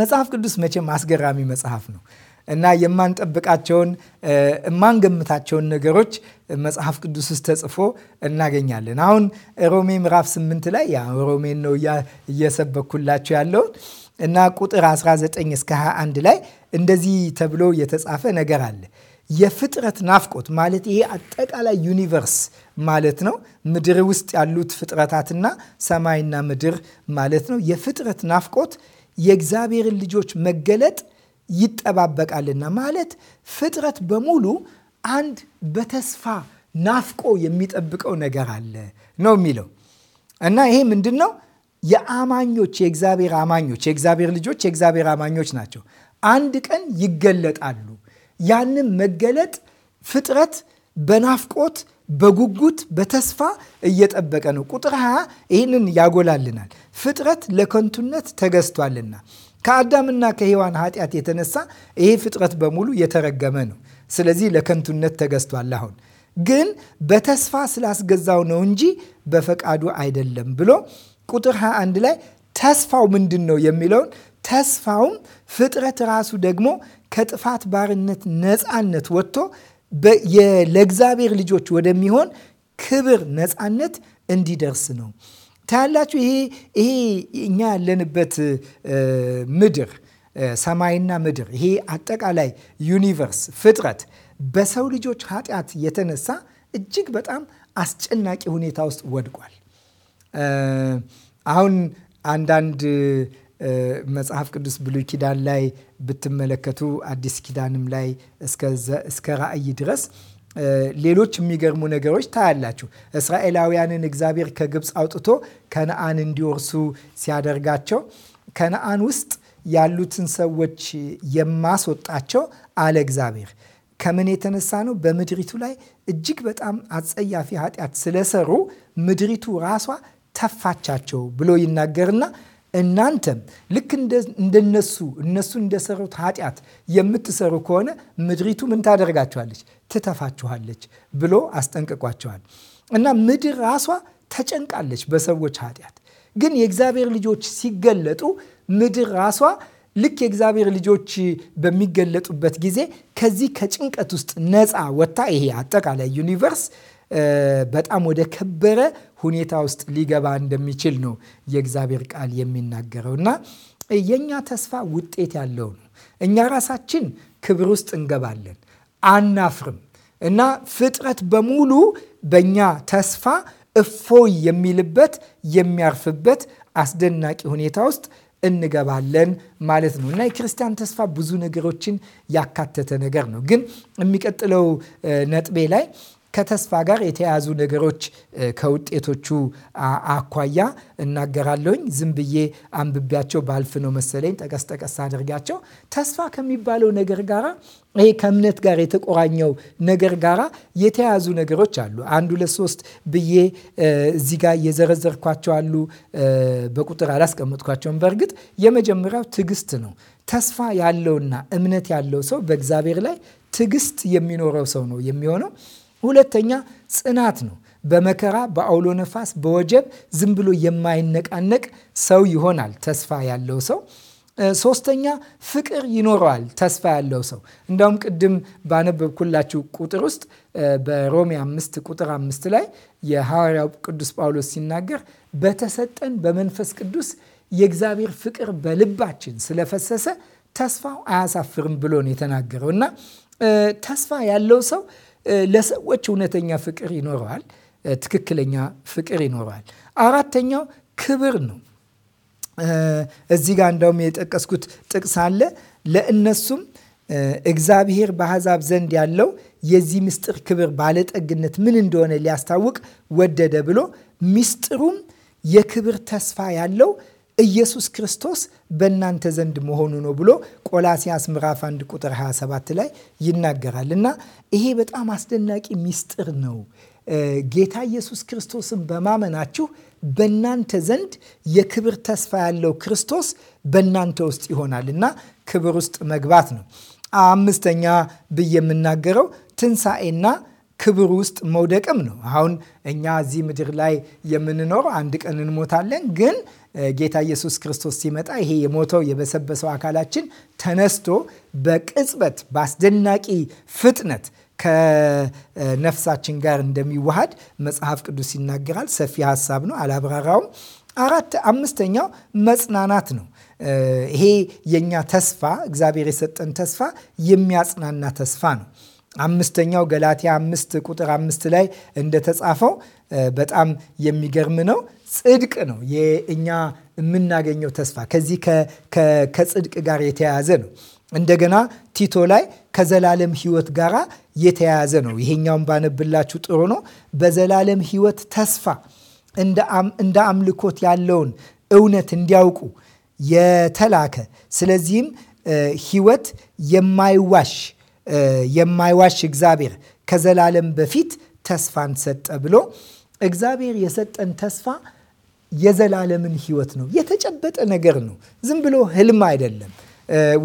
መጽሐፍ ቅዱስ መቼም አስገራሚ መጽሐፍ ነው። እና የማንጠብቃቸውን የማንገምታቸውን ነገሮች መጽሐፍ ቅዱስ ውስጥ ተጽፎ እናገኛለን። አሁን ሮሜ ምዕራፍ 8 ላይ ያ ሮሜን ነው እየሰበኩላቸው ያለውን እና ቁጥር 19 እስከ 21 ላይ እንደዚህ ተብሎ የተጻፈ ነገር አለ። የፍጥረት ናፍቆት ማለት ይሄ አጠቃላይ ዩኒቨርስ ማለት ነው። ምድር ውስጥ ያሉት ፍጥረታትና ሰማይና ምድር ማለት ነው። የፍጥረት ናፍቆት የእግዚአብሔርን ልጆች መገለጥ ይጠባበቃልና ማለት ፍጥረት በሙሉ አንድ በተስፋ ናፍቆ የሚጠብቀው ነገር አለ ነው የሚለው እና ይሄ ምንድን ነው? የአማኞች የእግዚአብሔር አማኞች የእግዚአብሔር ልጆች የእግዚአብሔር አማኞች ናቸው። አንድ ቀን ይገለጣሉ። ያንም መገለጥ ፍጥረት በናፍቆት በጉጉት በተስፋ እየጠበቀ ነው። ቁጥር 20 ይህንን ያጎላልናል። ፍጥረት ለከንቱነት ተገዝቷልና ከአዳምና ከሔዋን ኃጢአት የተነሳ ይሄ ፍጥረት በሙሉ የተረገመ ነው። ስለዚህ ለከንቱነት ተገዝቷል። አሁን ግን በተስፋ ስላስገዛው ነው እንጂ በፈቃዱ አይደለም ብሎ ቁጥር 21 ላይ ተስፋው ምንድን ነው የሚለውን ተስፋውም ፍጥረት ራሱ ደግሞ ከጥፋት ባርነት ነፃነት ወጥቶ ለእግዚአብሔር ልጆች ወደሚሆን ክብር ነፃነት እንዲደርስ ነው። ታያላችሁ። ይሄ ይሄ እኛ ያለንበት ምድር ሰማይና ምድር ይሄ አጠቃላይ ዩኒቨርስ ፍጥረት በሰው ልጆች ኃጢአት የተነሳ እጅግ በጣም አስጨናቂ ሁኔታ ውስጥ ወድቋል። አሁን አንዳንድ መጽሐፍ ቅዱስ ብሉይ ኪዳን ላይ ብትመለከቱ አዲስ ኪዳንም ላይ እስከ ራእይ ድረስ ሌሎች የሚገርሙ ነገሮች ታያላችሁ። እስራኤላውያንን እግዚአብሔር ከግብፅ አውጥቶ ከነአን እንዲወርሱ ሲያደርጋቸው ከነአን ውስጥ ያሉትን ሰዎች የማስወጣቸው አለ እግዚአብሔር። ከምን የተነሳ ነው? በምድሪቱ ላይ እጅግ በጣም አጸያፊ ኃጢአት ስለሰሩ ምድሪቱ ራሷ ተፋቻቸው ብሎ ይናገርና እናንተም ልክ እንደነሱ እነሱ እንደሰሩት ኃጢአት የምትሰሩ ከሆነ ምድሪቱ ምን ታደርጋችኋለች? ትተፋችኋለች ብሎ አስጠንቅቋቸዋል። እና ምድር ራሷ ተጨንቃለች በሰዎች ኃጢአት። ግን የእግዚአብሔር ልጆች ሲገለጡ ምድር ራሷ ልክ የእግዚአብሔር ልጆች በሚገለጡበት ጊዜ ከዚህ ከጭንቀት ውስጥ ነፃ ወጥታ ይሄ አጠቃላይ ዩኒቨርስ በጣም ወደ ከበረ ሁኔታ ውስጥ ሊገባ እንደሚችል ነው የእግዚአብሔር ቃል የሚናገረው እና የእኛ ተስፋ ውጤት ያለው ነው። እኛ ራሳችን ክብር ውስጥ እንገባለን፣ አናፍርም እና ፍጥረት በሙሉ በእኛ ተስፋ እፎይ የሚልበት የሚያርፍበት አስደናቂ ሁኔታ ውስጥ እንገባለን ማለት ነው እና የክርስቲያን ተስፋ ብዙ ነገሮችን ያካተተ ነገር ነው። ግን የሚቀጥለው ነጥቤ ላይ ከተስፋ ጋር የተያያዙ ነገሮች ከውጤቶቹ አኳያ እናገራለሁኝ። ዝም ብዬ አንብቢያቸው ባልፍ ነው መሰለኝ ጠቀስ ጠቀስ አድርጋቸው ተስፋ ከሚባለው ነገር ጋራ ይሄ ከእምነት ጋር የተቆራኘው ነገር ጋራ የተያያዙ ነገሮች አሉ። አንዱ ለሶስት ሶስት ብዬ እዚህ ጋር እየዘረዘርኳቸው አሉ። በቁጥር አላስቀመጥኳቸውም። በእርግጥ የመጀመሪያው ትዕግስት ነው። ተስፋ ያለውና እምነት ያለው ሰው በእግዚአብሔር ላይ ትዕግስት የሚኖረው ሰው ነው የሚሆነው ሁለተኛ ጽናት ነው። በመከራ በአውሎ ነፋስ በወጀብ ዝም ብሎ የማይነቃነቅ ሰው ይሆናል ተስፋ ያለው ሰው። ሶስተኛ ፍቅር ይኖረዋል ተስፋ ያለው ሰው። እንዳውም ቅድም ባነበብኩላችሁ ቁጥር ውስጥ በሮሜ አምስት ቁጥር አምስት ላይ የሐዋርያው ቅዱስ ጳውሎስ ሲናገር በተሰጠን በመንፈስ ቅዱስ የእግዚአብሔር ፍቅር በልባችን ስለፈሰሰ ተስፋው አያሳፍርም ብሎ ነው የተናገረው እና ተስፋ ያለው ሰው ለሰዎች እውነተኛ ፍቅር ይኖረዋል፣ ትክክለኛ ፍቅር ይኖረዋል። አራተኛው ክብር ነው። እዚህ ጋር እንደውም የጠቀስኩት ጥቅስ አለ። ለእነሱም እግዚአብሔር በአሕዛብ ዘንድ ያለው የዚህ ምስጢር ክብር ባለጠግነት ምን እንደሆነ ሊያስታውቅ ወደደ ብሎ ምስጢሩም የክብር ተስፋ ያለው ኢየሱስ ክርስቶስ በእናንተ ዘንድ መሆኑ ነው ብሎ ቆላሲያስ ምዕራፍ 1 ቁጥር 27 ላይ ይናገራል እና ይሄ በጣም አስደናቂ ሚስጥር ነው። ጌታ ኢየሱስ ክርስቶስን በማመናችሁ በእናንተ ዘንድ የክብር ተስፋ ያለው ክርስቶስ በእናንተ ውስጥ ይሆናል እና ክብር ውስጥ መግባት ነው። አምስተኛ ብዬ የምናገረው ትንሣኤና ክብር ውስጥ መውደቅም ነው። አሁን እኛ እዚህ ምድር ላይ የምንኖር አንድ ቀን እንሞታለን። ግን ጌታ ኢየሱስ ክርስቶስ ሲመጣ ይሄ የሞተው የበሰበሰው አካላችን ተነስቶ በቅጽበት በአስደናቂ ፍጥነት ከነፍሳችን ጋር እንደሚዋሃድ መጽሐፍ ቅዱስ ይናገራል። ሰፊ ሀሳብ ነው፣ አላብራራውም። አራት አምስተኛው መጽናናት ነው። ይሄ የእኛ ተስፋ እግዚአብሔር የሰጠን ተስፋ የሚያጽናና ተስፋ ነው። አምስተኛው ገላትያ አምስት ቁጥር አምስት ላይ እንደተጻፈው በጣም የሚገርም ነው። ጽድቅ ነው የእኛ የምናገኘው ተስፋ ከዚህ ከጽድቅ ጋር የተያያዘ ነው። እንደገና ቲቶ ላይ ከዘላለም ሕይወት ጋር የተያያዘ ነው። ይሄኛውን ባነብላችሁ ጥሩ ነው። በዘላለም ሕይወት ተስፋ እንደ አምልኮት ያለውን እውነት እንዲያውቁ የተላከ ስለዚህም ሕይወት የማይዋሽ የማይዋሽ እግዚአብሔር ከዘላለም በፊት ተስፋን ሰጠ ብሎ እግዚአብሔር የሰጠን ተስፋ የዘላለምን ህይወት ነው። የተጨበጠ ነገር ነው። ዝም ብሎ ህልም አይደለም፣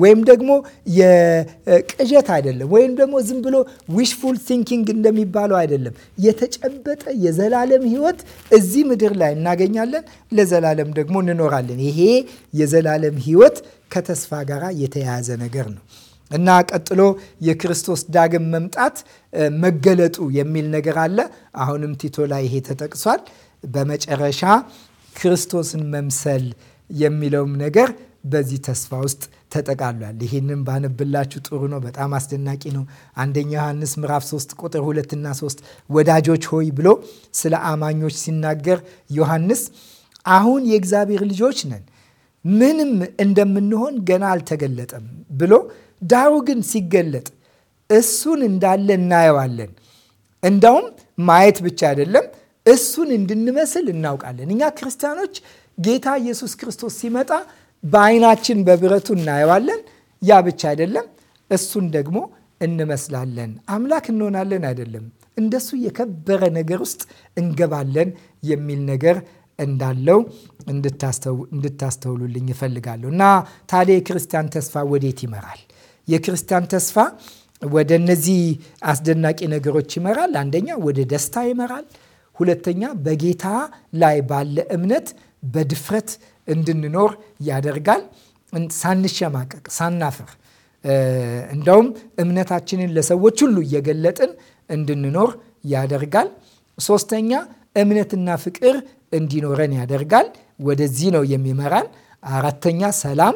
ወይም ደግሞ የቅዠት አይደለም፣ ወይም ደግሞ ዝም ብሎ ዊሽፉል ቲንኪንግ እንደሚባለው አይደለም። የተጨበጠ የዘላለም ህይወት እዚህ ምድር ላይ እናገኛለን፣ ለዘላለም ደግሞ እንኖራለን። ይሄ የዘላለም ህይወት ከተስፋ ጋር የተያያዘ ነገር ነው። እና ቀጥሎ የክርስቶስ ዳግም መምጣት መገለጡ የሚል ነገር አለ። አሁንም ቲቶ ላይ ይሄ ተጠቅሷል። በመጨረሻ ክርስቶስን መምሰል የሚለውም ነገር በዚህ ተስፋ ውስጥ ተጠቃሏል። ይህንም ባነብላችሁ ጥሩ ነው። በጣም አስደናቂ ነው። አንደኛ ዮሐንስ ምዕራፍ 3 ቁጥር 2 እና 3 ወዳጆች ሆይ ብሎ ስለ አማኞች ሲናገር ዮሐንስ አሁን የእግዚአብሔር ልጆች ነን፣ ምንም እንደምንሆን ገና አልተገለጠም ብሎ ዳሩ ግን ሲገለጥ እሱን እንዳለ እናየዋለን። እንዳውም ማየት ብቻ አይደለም፣ እሱን እንድንመስል እናውቃለን። እኛ ክርስቲያኖች ጌታ ኢየሱስ ክርስቶስ ሲመጣ በዓይናችን በብረቱ እናየዋለን። ያ ብቻ አይደለም፣ እሱን ደግሞ እንመስላለን። አምላክ እንሆናለን አይደለም፣ እንደሱ የከበረ ነገር ውስጥ እንገባለን የሚል ነገር እንዳለው እንድታስተውሉልኝ ይፈልጋለሁ እና ታዲያ የክርስቲያን ተስፋ ወዴት ይመራል? የክርስቲያን ተስፋ ወደ እነዚህ አስደናቂ ነገሮች ይመራል። አንደኛ ወደ ደስታ ይመራል። ሁለተኛ በጌታ ላይ ባለ እምነት በድፍረት እንድንኖር ያደርጋል። ሳንሸማቀቅ፣ ሳናፍር እንደውም እምነታችንን ለሰዎች ሁሉ እየገለጥን እንድንኖር ያደርጋል። ሶስተኛ እምነትና ፍቅር እንዲኖረን ያደርጋል። ወደዚህ ነው የሚመራን። አራተኛ ሰላም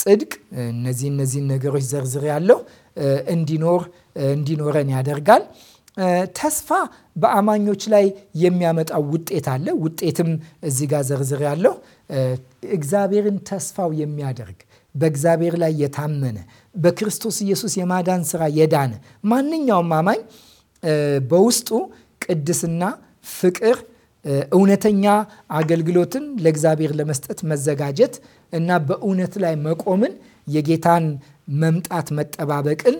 ጽድቅ እነዚህ እነዚህን ነገሮች ዘርዝር ያለው እንዲኖር እንዲኖረን ያደርጋል። ተስፋ በአማኞች ላይ የሚያመጣው ውጤት አለ። ውጤትም እዚህ ጋር ዘርዝር ያለው እግዚአብሔርን ተስፋው የሚያደርግ በእግዚአብሔር ላይ የታመነ በክርስቶስ ኢየሱስ የማዳን ስራ የዳነ ማንኛውም አማኝ በውስጡ ቅድስና፣ ፍቅር እውነተኛ አገልግሎትን ለእግዚአብሔር ለመስጠት መዘጋጀት እና በእውነት ላይ መቆምን የጌታን መምጣት መጠባበቅን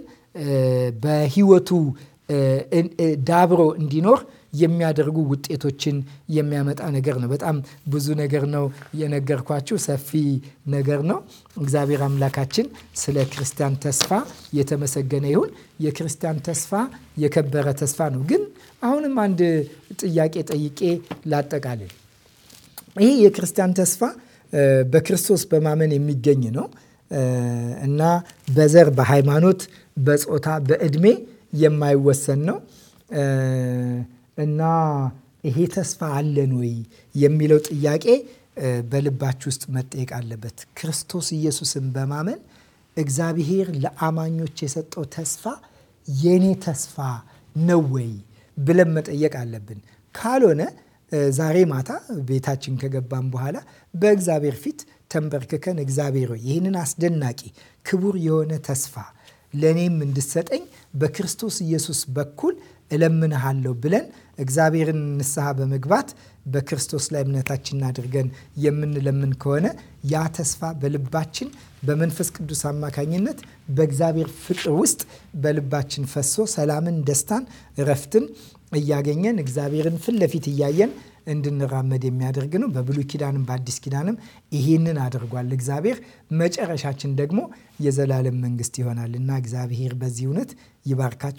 በሕይወቱ ዳብሮ እንዲኖር የሚያደርጉ ውጤቶችን የሚያመጣ ነገር ነው። በጣም ብዙ ነገር ነው የነገርኳችሁ፣ ሰፊ ነገር ነው። እግዚአብሔር አምላካችን ስለ ክርስቲያን ተስፋ የተመሰገነ ይሁን። የክርስቲያን ተስፋ የከበረ ተስፋ ነው። ግን አሁንም አንድ ጥያቄ ጠይቄ ላጠቃልል። ይህ የክርስቲያን ተስፋ በክርስቶስ በማመን የሚገኝ ነው እና በዘር፣ በሃይማኖት፣ በጾታ፣ በእድሜ የማይወሰን ነው። እና ይሄ ተስፋ አለን ወይ የሚለው ጥያቄ በልባችሁ ውስጥ መጠየቅ አለበት። ክርስቶስ ኢየሱስን በማመን እግዚአብሔር ለአማኞች የሰጠው ተስፋ የኔ ተስፋ ነው ወይ ብለን መጠየቅ አለብን። ካልሆነ ዛሬ ማታ ቤታችን ከገባን በኋላ በእግዚአብሔር ፊት ተንበርክከን እግዚአብሔር ሆይ ይህንን አስደናቂ ክቡር የሆነ ተስፋ ለእኔም እንድሰጠኝ በክርስቶስ ኢየሱስ በኩል እለምንሃለሁ ብለን እግዚአብሔርን ንስሐ በመግባት በክርስቶስ ላይ እምነታችንን አድርገን የምንለምን ከሆነ ያ ተስፋ በልባችን በመንፈስ ቅዱስ አማካኝነት በእግዚአብሔር ፍቅር ውስጥ በልባችን ፈሶ ሰላምን፣ ደስታን፣ እረፍትን እያገኘን እግዚአብሔርን ፊት ለፊት እያየን እንድንራመድ የሚያደርግ ነው። በብሉይ ኪዳንም በአዲስ ኪዳንም ይሄንን አድርጓል እግዚአብሔር። መጨረሻችን ደግሞ የዘላለም መንግስት ይሆናል እና እግዚአብሔር በዚህ እውነት ይባርካቸው።